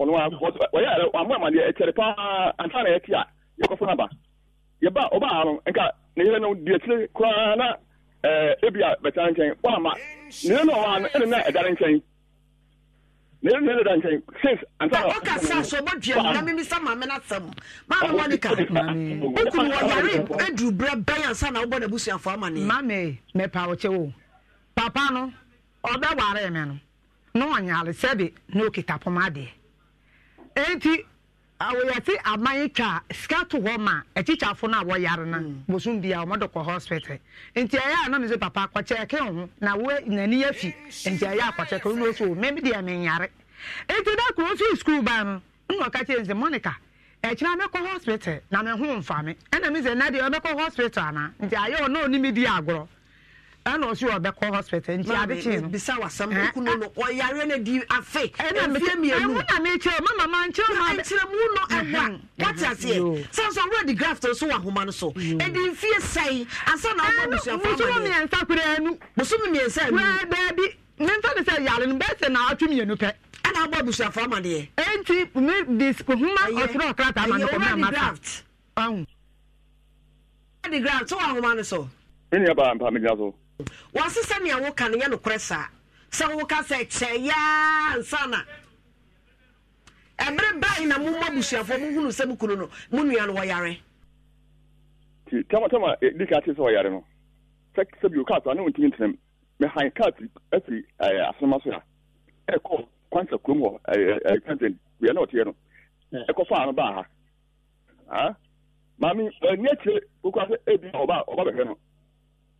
ɔno ɔyɛ ɔmo amadeɛ ɛkyɛre paa ansa na yɛte a yɛkɔfo no yɛba ɔbaa nka ne no deɛ koraa na ɛɛ ebi a bɛtena nkyɛn ne no na ɛdare nkyɛn ne yere no nkyɛn since ansa na ɔka sa so ɔbɔ dua na mimi sa maame na sɛm maame monica okun wɔ yare brɛ bɛn ansa na ɔbɔ ama ne. maame ɔkyɛ papa no no enti awoyɛte aman twa sika to hɔ ma akyikyaafo no a wɔyare no mm. bosom bia ɔmɔde kɔ hospital nti ɛyɛ a na sɛ papa akɔkyɛ ɛke ho na wo nani afi nti ɛyɛ akɔkyɛ ka wone so mem deɛ nti da kuro fii skul ba no ɔka kyerɛ monica ɛkyerɛ hospital na ɛna sɛ na nti ayɛ di agorɔ ana ɔsi ɔbɛkɔ hospital nti ade kye no bisa wasam eh? okunu no ɔyare no di afe efi eh, mienu ɛmu eh, na mi kyerɛ mama ma nkyerɛ ma nkyerɛ mu no ɛwa wati aseɛ sanso ɔwura di graft so wɔ ahoma no so edi nfie sɛn asa na ɔbɔ busua fama yɛ musomi mmiɛnsa kura ɛnu musomi mmiɛnsa ɛnu wɛɛ bɛɛbi ne nsa de sɛ yare no bɛɛ na atwi mmienu pɛ ɛna ɔbɔ busua fama deɛ eti mi di huma ɔsoro ɔkrataa ma ne kɔ mi amata ɛyɛ ɔwura di graft so wɔ ahoma no so. ɛni ɛba mpa so. wɔse sɛnea woka no yɛ nokorɛ saa sɛ woka sɛ yaa nsa na ɛberɛ bae na momma abusuafoɔ mohunu sɛ mokunu no mo nua no wɔyare tamatama e, di ka sɛ ɔyare no sɛ bio kaa ne wontimi ntenam mehan kaa afiri eh, so a ɛkɔ kwansa kurom hɔ kansen bia na ɔteɛ no ɛkɔ faa no baa ha ah? maame eh, ani akyire sɛ ɔba bɛhwɛ no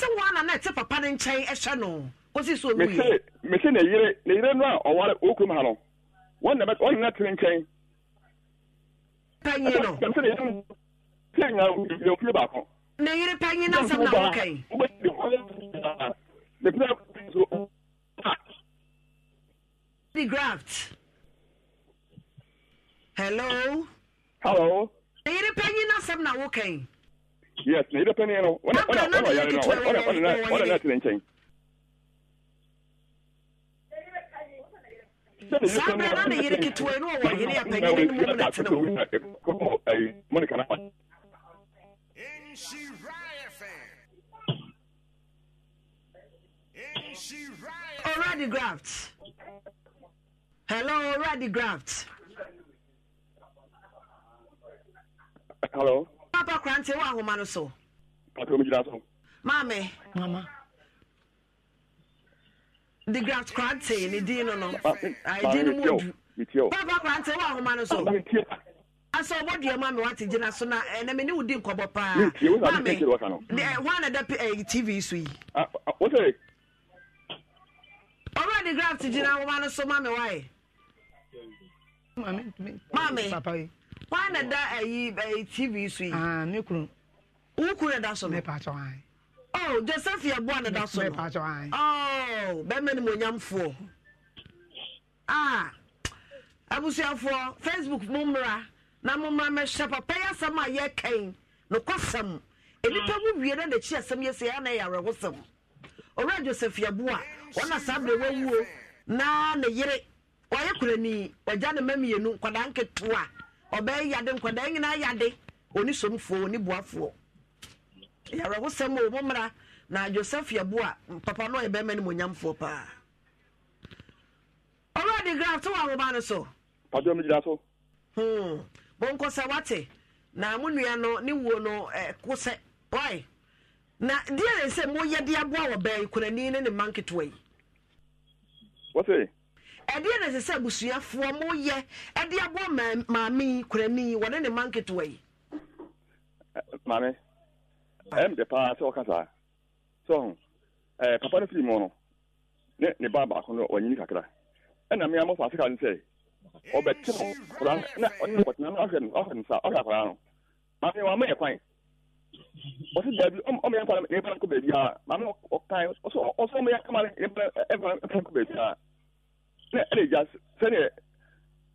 tí wọn nana ẹ ti papa ne nkyɛn ɛhwɛ no o si so olu yɛ. mese ne yere ne yere no a ɔware o kurum ha no wɔn nana wɔn nana tiri nkyɛn. panyin no. ɛsɛ ne yere no ti a nya yɛ okuru baako. ne yere panyin na asɛm na wɔn kɛn. o bɛ di hɔ ne pira so. the graft. hello. hello. ne yere panyin na asɛm na wɔn yes na yɛbɛpɛ ne yɛ no wɔnayare nkyɛn Already graft. Hello, already graft. Hello. papa krante wɔ ahoma no so maame de graft krante ne din no no din no mu odu papa krante wɔ ahoma no so asɛ ɔbɔ dua ma me wate gyina so na ɛnɛ eh, me ne wo di nkɔbɔ paa maame hɔ eh, na da eh, tv so yi ɔbɛ de graft gyina ahoma no so maame wae maame wa na da ayi tv so yi. aa ah, ne kunu. wo kunu na da so no. ne paatɔ an. ɔ oh, josephine abo na da so no. ne paatɔ an. ɔɔ oh, bɛrima ni mo nyamfoɔ. aa ah, abusuafoɔ facebook mo mmra na mo mmra mɛhyɛ papa yi asɛm a yɛ kɛn no kɔ sɛm nipa mu wie na n'akyi asɛm yɛ sɛ yɛ ana yɛ awerɛho sɛm ɔwura josephine abo a na saa abere wawuo na ne yere wɔyɛ kurani wɔgya ne mma mmienu nkwadaa nketewa. ɔbɛyɛ yade nkwadaa nyinaa yade onisomfoɔ onibuafoɔ yàrá-wosɛm o mɔmra na joseph yabu papa no yɛ bɛrima ne mu nyamfoɔ paa ɔlɔdi graf to wɔ ahoma no so. pàtó mi gyina so. Hmm. bɔnkɔsɛ wate na mo nua no ne wuo no ɛ kosɛ wai na deɛ ne sɛ mo yɛ de aboa wɔ bɛn kunani ne ne mma nketewa yi. ɛdeɛ na ɛsɛ sɛ abusuafoɔ moyɛ ɛde abɔ maame yi kurani wɔne ne ma nketewa yi maame ɛm de paa sɛ ɔka saa sɛ ɔho ɛɛ papa no firi mu no ne ne ba baako no ɔnyini kakra ɛna mmea mo fa ase ka no sɛ ɔbɛte no koraa na ɔne ɔtena no ahwɛ no ahwɛ no saa ɔhwɛ akoraa no maame wɔn amayɛ kwan ɔsi daabi ɔmo yɛn kwan ne ba no kɔ baabi a maame ɔkan ɔsɔ ɔsɔ ɔmo yɛn kama ne ba ɛfa ɛfa kɔ a na ɛna gya sɛdeɛ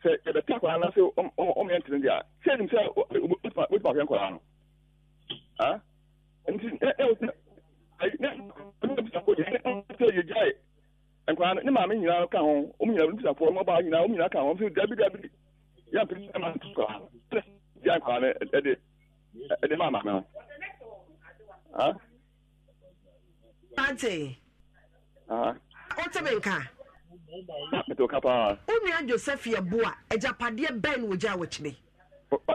sɛ yɛbɛka akwadaa no sɛ ɔmo yɛ ntene deɛ sɛ nim sɛ wotuma hwɛ nkwadaa no nti yɛgyae nkwadaa no ne maame nyinaa ka ho ɔmo nyinaa ne bisafoɔ ɔmo ɔbaa nyinaa ɔmo nyinaa ka ho ɔmo dabi dabi yɛmpere sɛ ma nkwadaa no gya nkwadaa no ɛde ɛde maa maame no ate wote me nka na mete woka paa wo nua joseph Yabua agyapadeɛ bɛn na ogyaa wakyire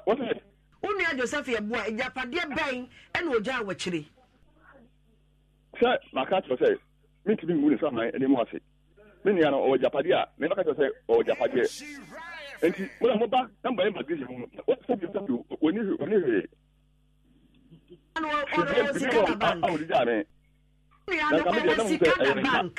wɔsɛ wo nua joseph yɛboa agyapadeɛ bɛn ɛna ogyaa wakyire sɛ maka kyerɛ sɛ mentumi mmu ne sɛ aman anim ase me nua no ɔwɔ agyapadeɛ a mebɛka kyerɛ sɛ ɔwɔ agyapadeɛ nti mo na moba na mba ɛma gesi mu wɔsɛ bi sɛ wɔni wɔni hwee ɔno ɔwɔ sika na bank nua no ɔwɔ sika na bank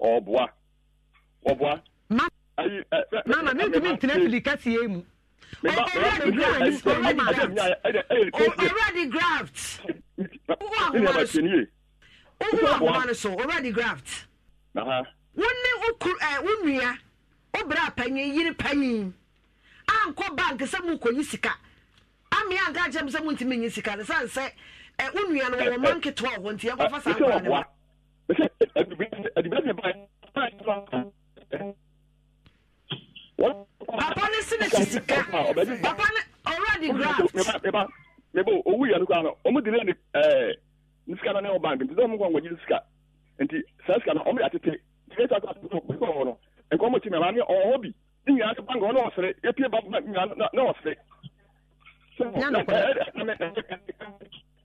ɔɔboa ɔboa. mama mentumi ntena filika sie mu already graft wowɔ ahoma no so already graft wone wo nua wobrɛ panyin yere panyin ankɔ bank sɛ mokɔyi sika ame anka akyɛm sɛ montumi nyi sika no sane sɛ wo nua no wɔwɔ ma nketewa wɔ hɔ papa ne se ne ti sika papa ne already graft. mebo owu yɛ no koraa no ɔmo de ne ne ɛɛ ne sika no ne wɔ bank nti sɛ ɔmo kɔn wɔgye ne sika nti saa sika no ɔmo yɛ atete tìrɛ sá kó atete ɔmo kɔ wɔ no nkɔm mo ti mɛ maa ne ɔwɔ bi ne nyinaa sɛ bank ɔno ɔsere epie ba bank nyinaa ne ɔsere.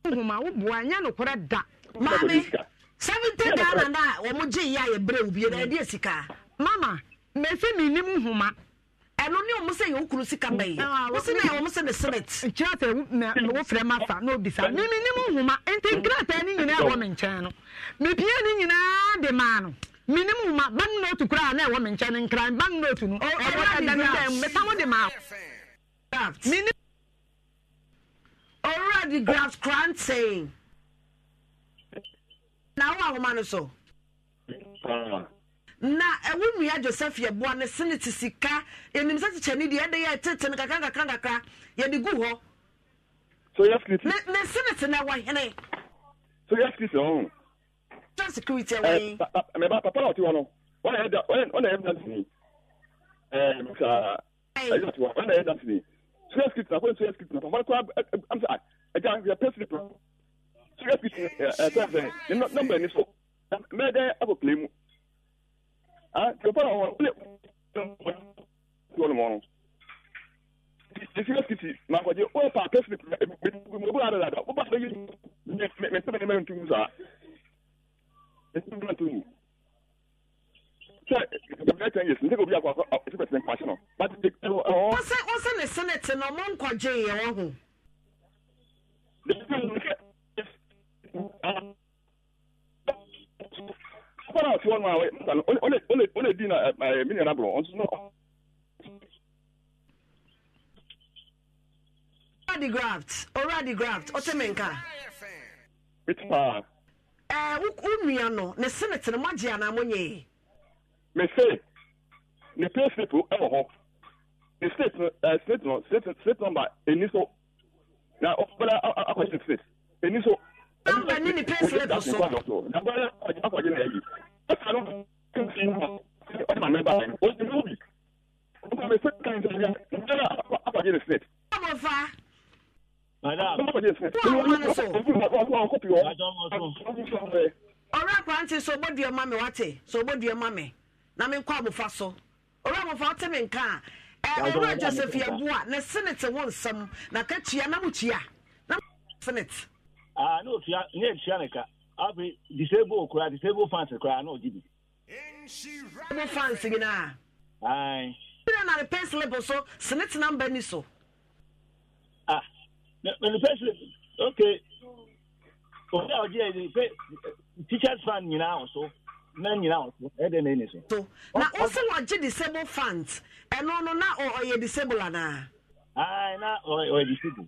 nyanokorɛ nhoma wo boa da maame seventy dollar na wɔn gye yi a yɛ brɛ obi na ɛde sika mama mmefe mi nim nhoma ɛno ne wɔn sɛ yɛn okuru sika bɛyi wosi na yɛ wɔn sɛ ne sirit. nkyerɛtɛ na wo fɛrɛ ma fa n'o bisa mimi nim nhoma nti nkyerɛtɛ ne nyinaa wɔ mi nkyɛn no mipie ne nyinaa de maa no minimu ma bank note kura na ɛwɔ mi nkyɛn ne nkira bank note no ɛwɔ ɛdani dɛm mbɛta mo de maa minimu owuradi graft kranten na awo awoma no so. na ɛwo nua joseph yɛboa no sene te sika yɛnim sɛ kyekyɛ ne deɛ ɛde yɛ tete no kakra kakra kakra yɛde gu hɔ ne sene te no ɛwɔ hene so yɛ sikiriti ɔhún. sọ sikiriti ɛwɔ yi. mɛ ba papa náà ti wọn no wọn yɛ da wọn yɛ dansini ɛɛ eh, musa ɛyɛ ti wọn wọn yɛ dansini so yɛ sikiriti na ko n so yɛ sikiriti na papa kura ɛɛ ɛjá yɛ pɛ sikiriti apc ɛsɛ fɛ nɔmba ni so mɛ dɛ abɔ kile mu ah tɛpɔn wɔn wale wɔn wɔn sisi apc makɔdze o pa apc mɛ o bɛ ara dada o b'a fɛ yi mɛ mɛ mɛ tɛmɛ mɛ ntumu sa mɛ tɛmɛ mɛ ntumu sɛ gabriel ten years nse ko bi akɔ akɔ ɛsɛ pɛtɛ nkwasi nɔ bati de ɛwɔ ɛwɔ. wɔsɛ wɔsɛ ne senate na ɔmɔ nkɔgye yɛ wɔn ho akɔla afuwa nu awɛ nta no ole ole ole di na ɛɛ mi nana bolo ɔnso no. Oradi graft Oradi oh, graft ɔte oh, mi nka. Bitu paa. Ɛɛ wunua no ne senate no mo agye anaa mo nye. Mese ne pay slip ɛwɔ eh, hɔ ne state ɛɛ state no state state number eni eh, so na ɔkpɛlɛ akɔsi state eni so. Namba ni ni pesi le poso. Namba ya ọjọ́ so. Ọ̀rọ̀ àpáǹtì so bó di ọmọ mi wá so bó di ọmọ mi na mi nkọ́ àbùfá so. Ọ̀rọ̀ àbùfá a. Ẹ̀rọ Joseph na na aa na nye esua ne ka afei disable kura disable fans kura na ɔgye bi. disable fans nyinaa. ayi. ndé na ne pay slip so sini tena so. ah na ne pay slip okay òun náà ɔgye ɛdi pay teachers fan nyinaa ɔso na nyinaa ɔso ɛdɛ na ɛni so. na o sɛ wɔgye disable fans ɛno eh, na ɔyɛ disable anaa. na ɔyɛ disable.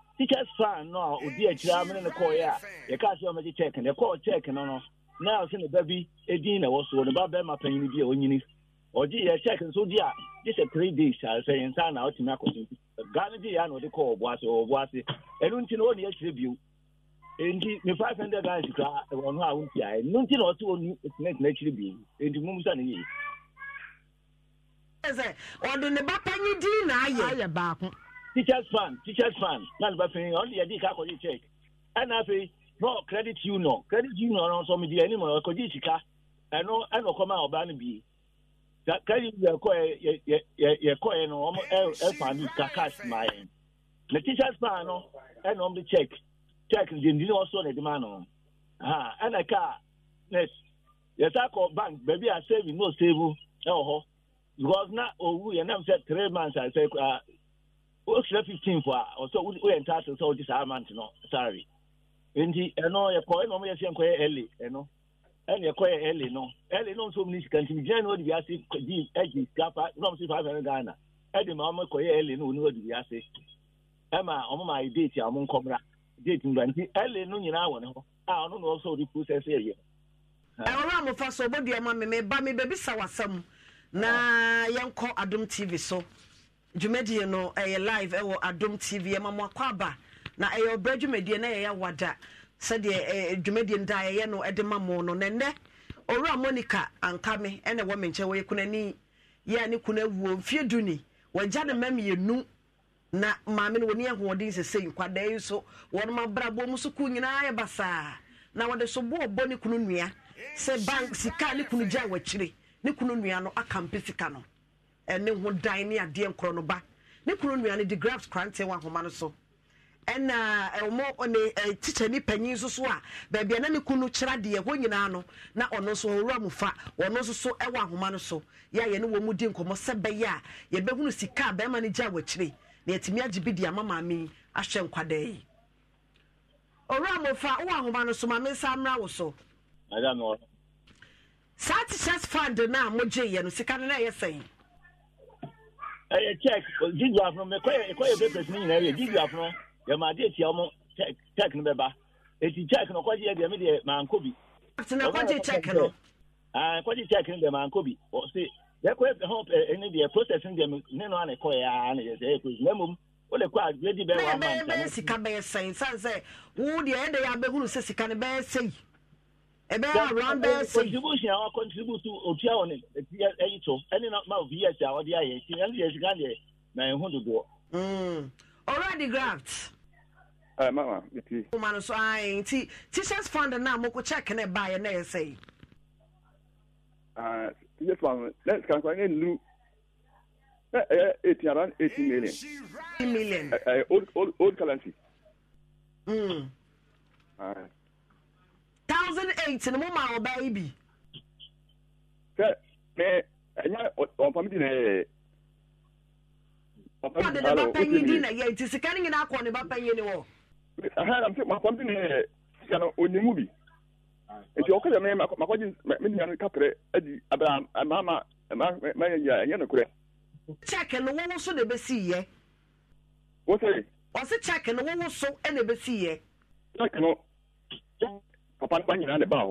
teachers fan no a odi akyiri amene ne kɔɔeɛ a yɛka sɛ ɔmɛgye check no ɛkɔɔ check no no na ɔsɛ ne ba bi na ɛwɔ so ne ba bɛrima panyin bi a onyini ɔgye yɛ check nso di a gye sɛ three days sɛ na ɔtumi ga na ɔde kɔɔ nti na bio nti ne five hundred si ɔno a nti na ɔte wɔn tena tena bio nti mo musa ne yie. ɔde ne ba din na ayɛ baako. teachers fund teachers fund na nípa fi hàn ọ́n yẹ di ìka akọ̀jú check ẹ̀nà afei náà credit union credit union náà sọ mi di ẹni mọ̀ ọkọ̀jú ìsìká ẹ̀nu ẹ̀nu ọkọ̀ máa ọ̀bá ni bìí credit union ẹ̀kọ́ yẹ ẹ̀kọ́ yẹ no ọmọ ẹ̀ fà ní ìka cash máa yẹn na teachers fund no ẹ̀nà ọmọ di check check di ní ọ̀sọ̀ ní ẹ̀dínmá nù ẹ̀nà ká next yẹsà kọ bank bẹẹbi a saving no stable ẹ wọ hɔ because na owu yẹn nam sẹ three months a sẹ wosua fifteen fo a ɔsɛ woyɛ ntase sɛ wogye saa amount no nti ɛno yɛkɔ ɛna ɔmo yɛ sɛ nkɔyɛ ɛle ɛno ɛna yɛkɔyɛ ɛle no ɛle nọ nso mu ne sika nti mi gyina ne bi ase di si five hundred ghana ma ase ma a nti nyinaa ne a ɔno na ɔsɛ process so dwumadie no ɛyɛ live ɛwɔ adom tv ɛma mo akɔ aba na ɛyɛ ɔbrɛ dwumadie na ɛyɛ wada sɛdeɛ dwumadie no daa ɛyɛ no ɛde ma mo no nɛnɛ owura monica ankame ɛna ɛwɔ me nkyɛn wɔyɛ kunani yɛ a ne kuna wuo mfie du ni wɔgya ne mɛm yɛ na maame no wɔne ahoɔden sɛsɛ nkwadaa yi so wɔn abrabɔ mu so kuu nyinaa yɛ basaa na wɔde so bɔɔbɔ ne kunu nua sɛ bank sika ne kunu gya wɔ akyire ne kunu nua no aka sika no ɛne ho dan ne adeɛ nkorɔ no ba ne kunu nua no de grapes kranteɛ wɔ ahoma no so ɛna ɛwɔ ne tikya ni panyin nso so a baabi a na ne kunu kyerɛ deɛ hɔ nyinaa no na ɔno nso owura mu fa ɔno nso so ɛwɔ ahoma no so yɛ a yɛne wɔn mu di nkɔmɔ sɛ bɛyɛ a yɛbɛhunu sika a bɛrima no gya wɔ akyire na yɛtumi agye bi di ama maame yi ahyɛ nkwadaa yi owura mu fa ɔwɔ ahoma no so maame nsa amra wɔ so. saa t-shirt fund no a mogye yɛ no sika no na ɛyɛ sɛn ɛyɛ check gigi afono mɛ kɔyɛ kɔyɛ papers ni nyinaa yɛ gigi afono yɛ maa de etia ɔmo check check no bɛ ba eti check no kɔgye yɛ deɛ mi deɛ maa nko bi. atena kɔgye check no. aa kɔgye check no deɛ maa nko bi ɔsi yɛ kɔyɛ hɔn ɛni deɛ process ni deɛ mi ne no ana kɔyɛ aa na yɛ sɛ ɛyɛ kɔyɛ na mmom o le kɔ a lady bɛ wa ma nta. bɛyɛ bɛyɛ sika bɛyɛ sɛn sanse wo deɛ ɛde yɛ abɛhuru sɛ sika no bɛyɛ sɛyi ebe a round bɛɛ se. contribution a contribute otua wɔ ne eti ɛyi tɔ ɛni na ma vs a wɔde ayɛ eti ɛni yɛ sika deɛ na ehu dodoɔ. already graft. ɛ mama eti. mo ma no so ayi nti teachers fund na mo ko check ne ba yɛ na yɛ sɛ yi. teachers fund ne kankan ne nu ne ɛyɛ eighteen around eighty million. Eighty million. ɛ eh, eh, old old old currency. Mm. Uh, thousand eight ni mo ma ọba yi bi. sẹ ẹ ẹ nya ọ̀pọ̀ mi di na ẹ. ọ̀pọ̀ de ne ba panyin di na yẹ nti sika ni nyinaa kọ ne ba panyin ni wọ. ahara mi sẹ ọ̀pọ̀ mi di na ẹ sika na onimu bi nti ọkọ yẹ mi makọ ji mi di na ni kapẹrẹ ẹdi abira amaama ẹma yẹ yẹ ẹnyẹ nukurẹ. check ni wọ́n so na ebesi yẹ. wọ́n sẹ́yìn. ọ̀sẹ̀ check ni wọ́n so na ebesi yẹ. check no papa no ba nyinaa ne baa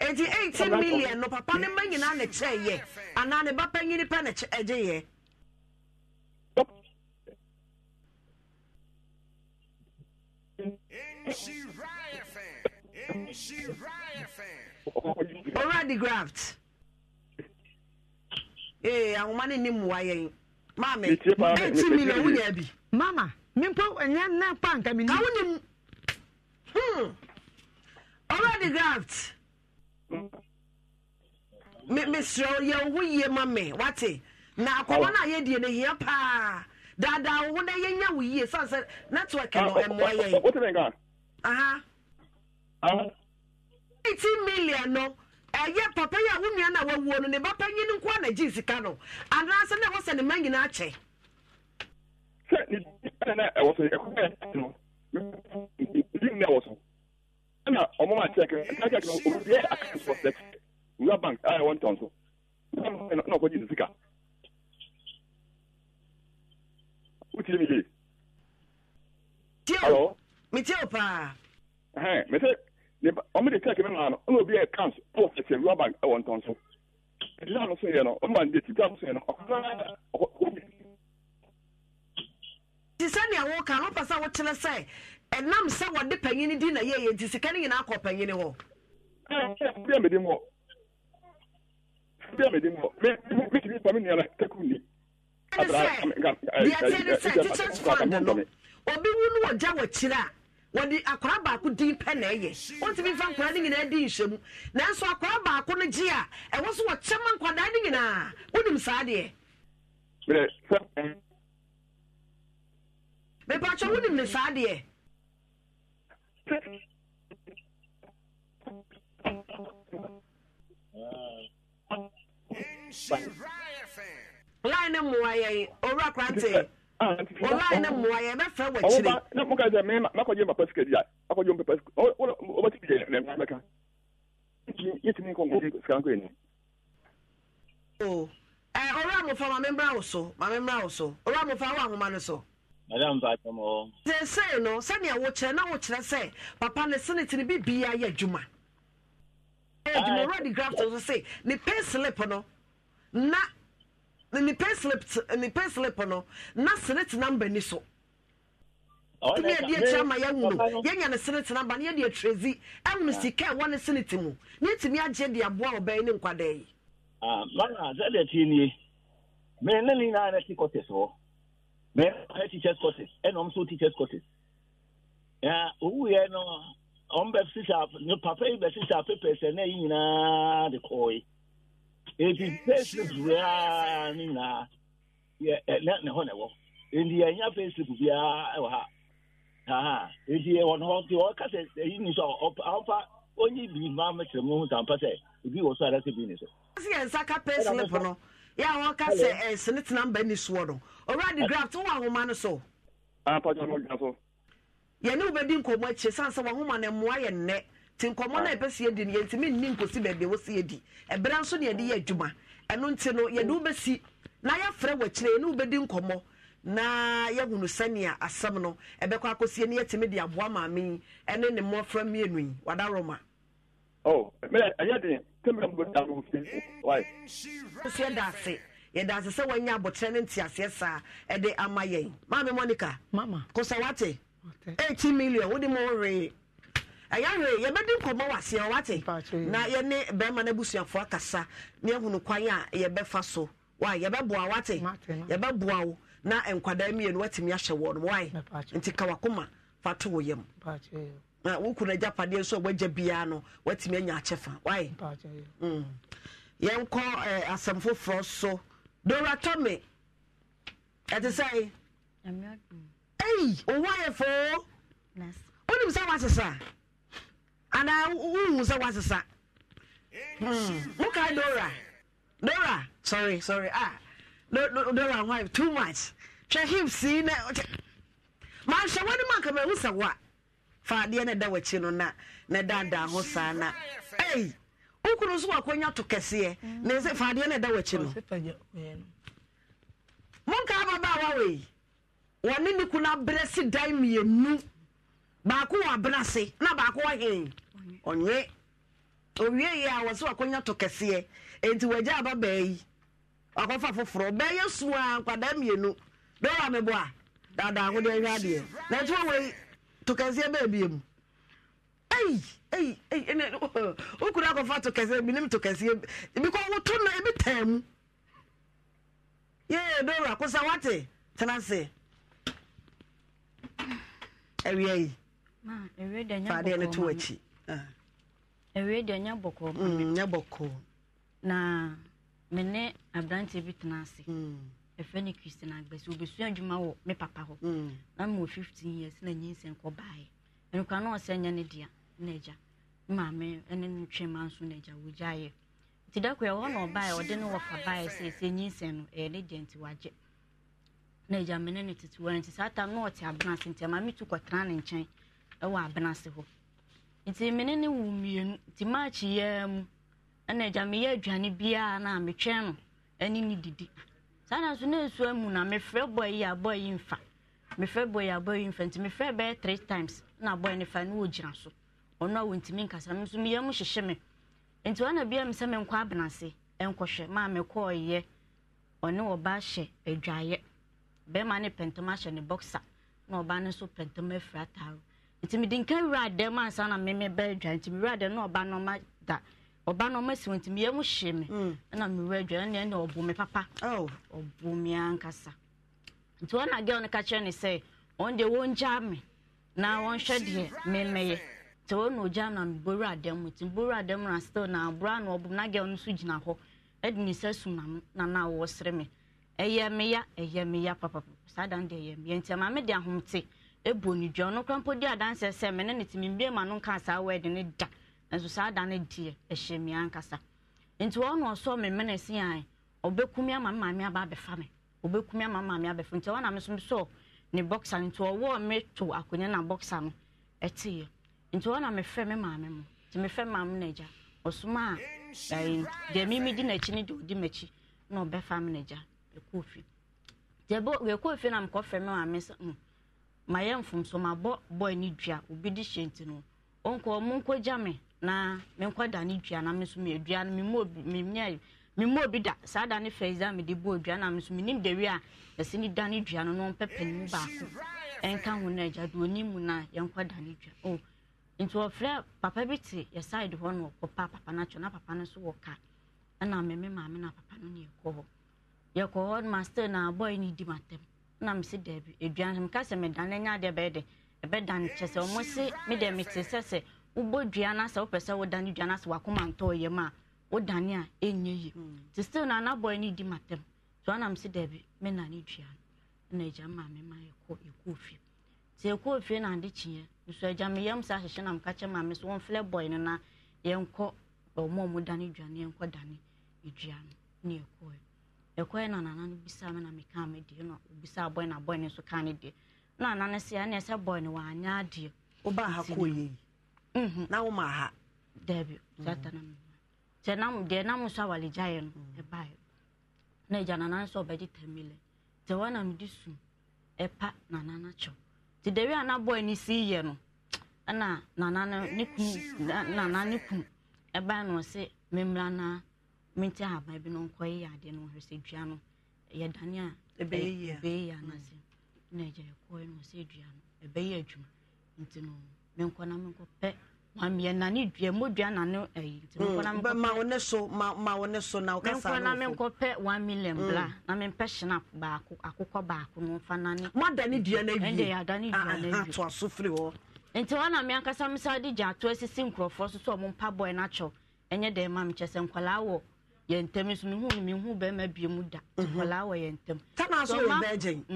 hɔ nti eighteen million no papa ne mma nyinaa ne kyerɛ yɛ anaa ne ba panyini pɛ ne gye yɛ owuradi graft ee eh, ahoma ne ni mmoa yɛn maame eighteen million wunya bi mama. mimpo ɛnyɛ nɛ kpa nka mi ni. awo ni hmm already graft mi mi srɛ yɛ wo yie ma mi wate na akɔwa na yɛ die ne yɛ paa daadaa wo na yɛ nya wo yie sanse network no ɛmoa yɛ. o ti bɛn kan. aha. awo. Ah. eighteen million no. ɛyɛ papa yi a wo nua na wawuo no ne ba panyin nko a na gye sika no anaasɛ na ɛwɔ ne ma nyinaa kyɛ. sɛ ne ɛna na ɛwɔ so ɛkɔ yɛ no ɛdi mu na ɛwɔ so ɛna ɔmo ma kyerɛ kɛrɛ ɛna kyerɛ kɛrɛ obi yɛ account for sex wura bank a ɛwɔ ntɔn so ɛna ɔkɔ gye ne sika wotiri mi yie. tiɛw mi tiɛw paa. ɛhɛn mɛ sɛ ne ba ɔmo de kyerɛ kɛrɛ maa no ɛna obi yɛ account ɛwɔ sex wura bank ɛwɔ ntɔn so ɛdi naa no so yɛ no ɔmo ma ne de ti bi a no so yɛ ti sɛnea woka no wopɛ sɛ wokyerɛ sɛ ɛnam sɛ wɔde panyini di na yɛyɛ nti sika no nyinaa kɔ panyini hɔ bia mede mɔ bia mede mɔ metumi pa me nuala taku ni obi wu no wɔgya wɔkyerɛ a wɔde akwara baako din pɛ na ɛyɛ wɔntumi fa nkwara no nyinaa di nhyɛ mu nanso akwara baako no gye a ɛwɔ so wɔkyɛma nkwadaa no nyinaa wonim saa deɛ mepakyɛ wonim ne saa deɛ line ne mmoa yɛn owura krante line ne mmoa yɛn bɛfrɛ wɔ akyire moka sɛ me makɔgye mapa sika di a akɔgye mpapa wobɛtumi gye nɛmfa bɛka yɛtumi nkɔ sika nkɔ ani oh, eh, owura mmɔfra ma memmra wo so ma memmra wo so owura mmɔfra wo ahoma no so madam bàtà mọ. ṣe ṣe no sani àwọn kyerẹ náà wọ́n kyerẹ sẹ papa ne bi ni bíbí ayé adwuma. adwuma ọ̀rọ̀ di graft ọ̀sọ̀ sẹ ni pay slip no na ni pay slip ni pay slip no na senate number ni so. tumi adi akyerɛ ama yɛwu no yɛnya ne senate number na yɛde atrezi ɛmu no sika ɛwɔ ne senate mu na etumi agye de aboa ɔbɛn ne nkwadaa yi. Ah, mara sɛ deɛ tie nie mɛ ne nyinaa na ti kɔtɛ soɔ bẹẹ ọyẹ teachers courses ẹna ọmọ sọ teachers courses na owu yẹ no ọmọ bẹ sisa ne papa yi bẹ sisa papers ẹna yi nyinaa de kọọ yi ebi payslip biara ne nyinaa yẹ ẹna ne hɔ na ɛwɔ nti yɛ nya payslip biara ɛwɔ ha ha nti ɛwɔ ne hɔ nti ɔkasa ɛyi ni sɛ ɔfa onye bi maa mi kyerɛ mu hu sampa sɛ ebi wɔ so adasa bi ni so. ɔsi yɛn nsa ka payslip no. yà ọka ká sẹ ẹ mba tena ni soɔ no owurɔ graft ah. wọ́n ahoma no so. apagya ah, mo gya so. yɛne wo bɛdi nkɔmmɔ akyi san sɛ wahoma na mmoa yɛ a edi ah. nkosi a edi ebere nso na adwuma nti no na nkọmọ na sɛnea asɛm no ɛbɛkɔ akɔsie yɛtumi de aboa maame yi ɛne ne mmɔfra mmienu yi oh, yɛda ase sɛ wanya abɔkyerɛ no nteaseɛ saa ɛde ama yɛn maame monica kosawate 18 million wode ma wowee ɛyɛ hwee yɛbɛdi nkɔmmɔ wɔ aseɛ wate na yɛne bɛrima no abusuafoɔ akasa ne ahunu kwan a yɛbɛfa so wa yɛbɛboa wate yɛbɛboa wo na nkwadaa mmienu watumi ahyɛ wɔ no wae nti kawakoma fa to wɔ yam na woku no agyapadeɛ nso a woagya biara no woatumi anya akyɛ fa wae mm. yɛnkɔ eh, asɛm foforɔ so dora tɔme ɛte sɛ ei owayɛfoo wonim sɛ woasesa anaa wohu sɛ woasesa hmm. wokae dora dora sorry sorry ah dora why too much hwɛ hip sii na manhyɛ w'anim anka mahu sɛ wo fa adeɛ na ɛda w'akyi no na na daadaa ho saa na ei wokunu nso wakɔnya to kɛseɛ na ɛsɛ fa adeɛ na ɛda w'akyi no monka ababaawa wei wɔne ne kunu abrɛ si dan mmienu baako wɔ abena na baako wɔ hen ɔnye owie yi a wɔsɛ wakɔnya to kɛseɛ enti wɔagya ababaa baa yi wakɔfa foforɔ bɛyɛ sua nkwadaa mmienu bɛwɔ ameboa daadaa ahodeɛ hwɛ adeɛ na ɛtoɔ wei tokaseɛ baabi mu wokuru akɔfa tokaseɛ binim tokaseɛ bikɔ woto no ebi taa mu yɛyɛ dora kosa wate tena ase awia yi faadeɛ no to akyi awia ah. deɛ nyɛ bɔkɔɔ mm, nyɛ bɔkɔɔ na mene aberante bi tena ase mm. ɛfɛ ne christian agbɛsi obesua adwuma wɔ me papa hɔ mm. na ma 15 years na nyi nsɛn kɔ baeɛ nkwa na ɔsɛ nyɛ ne dea na agya maame ne ne twɛma nso na agya wɔgyaeɛ nti da ya ọhụrụ na ɔbaeɛ ɔde ne wɔfa baeɛ sɛ ɛsɛ nyi nsɛn no ɛyɛ ne deɛ nti wagye na agya me ne ne tetewa nti saa tam na ɔte abena ase nti maame tu kɔtena ne nkyɛn ɛwɔ abena hɔ nti me ne ne wu mmienu nti maakyi yɛɛ mu ɛna agya meyɛ aduane biara na metwɛn no ɛne ne didi saa na nso na esu mu na mefrɛ bɔyi yi a bɔyi yi nfa mefrɛ bɔyi yi a bɔyi yi nfa nti mefrɛ bɛyɛ three times na bɔyi ne fa ne wɔ gyina so ɔno a wɔntumi nkasa no nso meyɛ mu hyehyɛ me nti wɔn na bia mi sɛ me nkɔ abena ase nkɔhwɛ maa me kɔɔ yɛ ɔne ɔbaa hyɛ adwaeɛ bɛrima ne pɛntɛm ahyɛ ne bɔksa na ɔbaa no nso pɛntɛm afira ataare nti mi di nka wura adan mu ansa na mmemme bɛɛ dwa nti mi wura adan na ɔbaa no ɔma da. ọba no ɔma si wɔn ntumi ɛmu hyɛ mi mm. ɛna mmerɛ adwa ɛna ɛna ɔbu mi papa oh. ɔbu mi ankasa nti na girl no ka kyerɛ sɛ wɔn gya mi na hwɛ deɛ na ogya na nti na still na na na girl nso gyina hɔ sum na na sere mi ɛyɛ ɛyɛ papa saa dan deɛ ɛyɛ meya nti maame de ahomte ebu onidwa ɔno kora mpo di adansi ɛsɛ mɛ ne ne ti mi mbie ma no nka nso saa da no deɛ ɛhyɛ me ankasa nti ɔno ɔsɔ me mene se a ɔbɛkumi ama maame aba abɛfa me ɔbɛkumi ama maame abɛfa nti ɔna me so sɔ ne boxa no nti ɔwɔ me to akonnwa na boxa no ɛteɛ nti ɔna mefɛ me maame mu nti mefɛ maame na agya ɔsoma a deɛ mimi di n'akyi ne deɛ ɔdi m'akyi na ɔbɛfa me no agya ɛkɔɔ fie deɛ ɛkɔɔ fie na mekɔfɛ me maame sɛ hmm, mayɛ mfomso mabɔ bɔɔ ne dua obi de hyɛ nti no ɔnkɔ ɔmo nkɔgya me na menkɔ da ne dua na me nso me dua no memu obi memnya memu obi da saa da ne fɛs mede bu odua na me nso menim dawi a ɛsɛ ne da ne dua no na ɔmpɛpɛ ne mu baako ɛnka ho no agya do ɔni mu na yɛnkɔ da ne dua o oh, nti ɔfrɛ papa bi te yɛ side hɔ no ɔkɔpa papa no akyɛ na papa no nso wɔ ka ɛna meme maame na papa no ne yɛkɔ hɔ yɛkɔ hɔ ma still na abɔe ne di matɛm na mese daabi edua mka meka sɛ meda no anya adeɛ bɛyɛ dɛ ɛbɛda kyɛ sɛ ɔmo se me mete sɛ sɛ wobɔ dua no sɛ wopɛ sɛ wodane dua no sɛ wakoma ntɔɔyɛ mu a wodane a ɛnyɛ yi hmm. nti still no no di matam so anam daabi dua no na agya ma me ma ɛkɔɔ fie nti ɛkɔɔ fie ade kyeɛ nso agya sɛ ahyehyɛ kyɛ ma me so wɔmflɛ bɔe no na yɛnkɔ ɔmɔ mu dane dua no yɛnkɔ dua no na nana no me na mekaa me deɛ na na bɔe no nso kaa ne deɛ na nana no sɛ ɛneɛ sɛ bɔe no Mm-hmm. na woma ha sɛ mm. nam deɛ nam nso awalegyaeɛ no ɛbaeɛ mm. e na agya e nana nso ɔbɛgye sɛ wana sum ɛpa e nana no kyɛw nti dawi a ani si yɛ no ɛna nana no ne nana ne no ɔse memmra mente ahaban bi no yɛ adeɛ no wɔhwɛ sɛ dua no yɛ dane a ɛbɛyɛ na agya yɛkɔɛ no ɔsɛ dua no ɛbɛyɛ adwuma nti no menkɔ na menkɔpɛ mameɛ nane dua na nane ayi nti hmm, ma wo ne so ma wo ne so na wokasa na menkɔpɛ 1 million hmm. bla na mempɛ hyena baako akokɔ baako no fa nane moadane dua no awiɛadane ah, duanoatoa ah, ah, so firi hɔ nti hɔ na meankasa mesa de gya ato asisi nkurɔfoɔ so sɛ ɔmo mpa bɔe no akyɛw ɛnyɛ dɛn ma mekyɛ sɛ nkwalaa wɔ yɛ ntɛm nso mihu mihu bɛrima bie mu da nkɔlaa mhm. wɔ yɛ ntɛm. tana so yɛ bɛɛgye.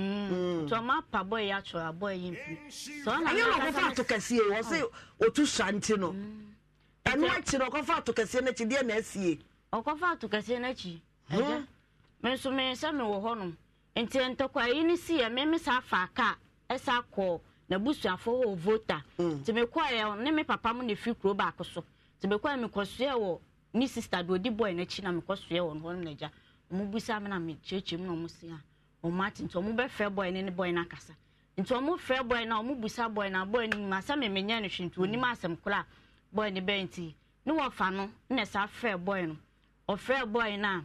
tɔma pa bɔyɛ atwere abɔyɛ yi mpi. ɛyɛ na ɔkɔfa ato kɛseɛ mm. wɔ se otu santi no ɛnu mm. akyi na ɔkɔfa ato kɛseɛ n'akyi deɛ na ɛsie. ɔkɔfa ato kɛseɛ n'akyi ɛgya mɛ nso mɛ nsa mi wɔ hɔnom nti ntɔkwa yi ni si yɛ mɛ mi sa afa aka ɛsa e kɔ na busuafo wɔ vota hmm. nti mi kɔ yɛ mi papa mu na efi kuro baako so nti mi kɔ mi kɔ so yɛ wɔ me sister do odi boy n'akyi na mekɔ soɛ wɔ hɔ no n'agya ɔmo busa mi na mekyerɛkyerɛ mu na ɔmo si a ɔmo ate nti ɔmo bɛfrɛ boy ne ne boy n'akasa nti ɔmo frɛ boy na ɔmo busa boy na boy no mu asɛm emenya no hwɛ nti onim asɛm kora boy ne bɛn ti ne wɔfa no na saa frɛ boy no ɔfrɛ boy na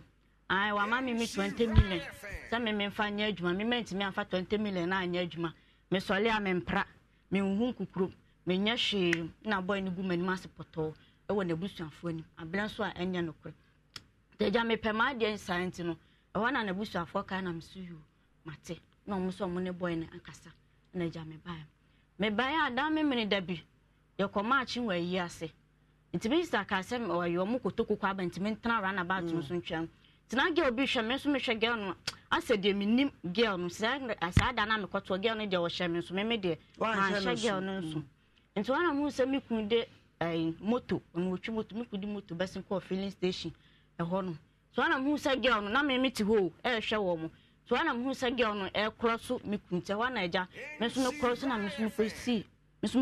ayi wama mi mi twenty million sɛ mi mi nfa nyɛ adwuma mi mɛntumi twenty million na anyɛ adwuma mesɔle a mempra menhu nkukuro menyɛ hwee na boy no gu m'anim ase pɔtɔɔ wɔ n'abusuafoɔ anim abena nso a ɛnyɛ nokorɛ nti agya mepɛ maa deɛ nsaa nti no ɛhɔ na n'abusuafoɔ kae nam so yio mate na ɔmo nso ɔmo ne bɔɛ ne akasa na agya mebaeɛ mebaeɛ a daa memene da bi yɛkɔ maakye wɔ ayi ase nti minista kaa sɛ ɔyɛ ɔmo kotoko kɔ aba nti mentena rana baate no mm. so ntwam tena girl bi hwɛ me nso mehwɛ girl no asɛ deɛ menim girl no saa da na mekɔtoɔ girl no deɛ ɔhyɛ me nso meme deɛ manhyɛ girl no nso mm. nti wɔn na mu sɛ me kun de ɛɛ eh, moto nwotwi moto mi kudi moto bɛsi kɔ filling station ɛhɔ no so ana mu sɛ girl na mi mi ti hɔ o so ana mu sɛ girl no ɛɛkorɔ so mi hɔ ɛgya nso mi korɔ so na mi nso mi kɔ si nti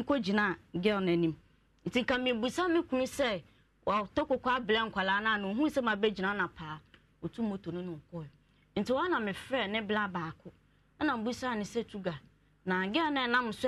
nka mi mi kun na paa otu moto no nti wɔn na mi frɛ ne bla baako ɛna busa ne sɛ tuga na girl ɛnam so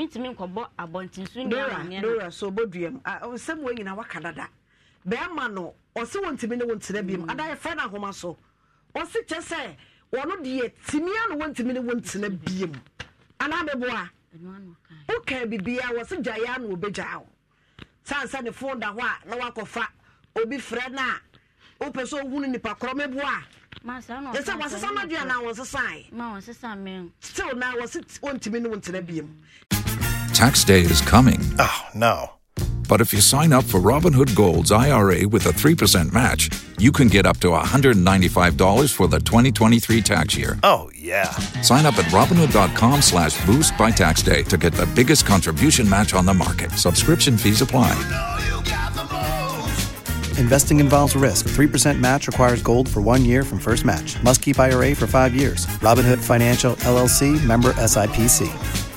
mintumi nkɔbɔ abɔntenso nnuane dora so bɔdua mu sɛm wɔ nyina waka dada bɛrima no ɔse wɔntumi ne wɔntena biam mm. ada yɛfrɛ no ahoma so ɔse kyɛ sɛ wɔno deɛ tumi a no wɔntumi ne wɔntena biam anaa bɛboa woka bibia wɔ se gyaeɛ a na wɔbɛgyaa wo sane sɛ ne fo da hɔ a na woakɔfa obi frɛ no a wopɛ sɛ ɔhunu nipa korɔ mɛboa a wɔsesae still na wɔntimi wo ntena biam Tax day is coming. Oh, ah, no. But if you sign up for Robinhood Gold's IRA with a 3% match, you can get up to $195 for the 2023 tax year. Oh, yeah. Sign up at Robinhood.com slash boost by tax day to get the biggest contribution match on the market. Subscription fees apply. You know you Investing involves risk. 3% match requires gold for one year from first match. Must keep IRA for five years. Robinhood Financial LLC member SIPC.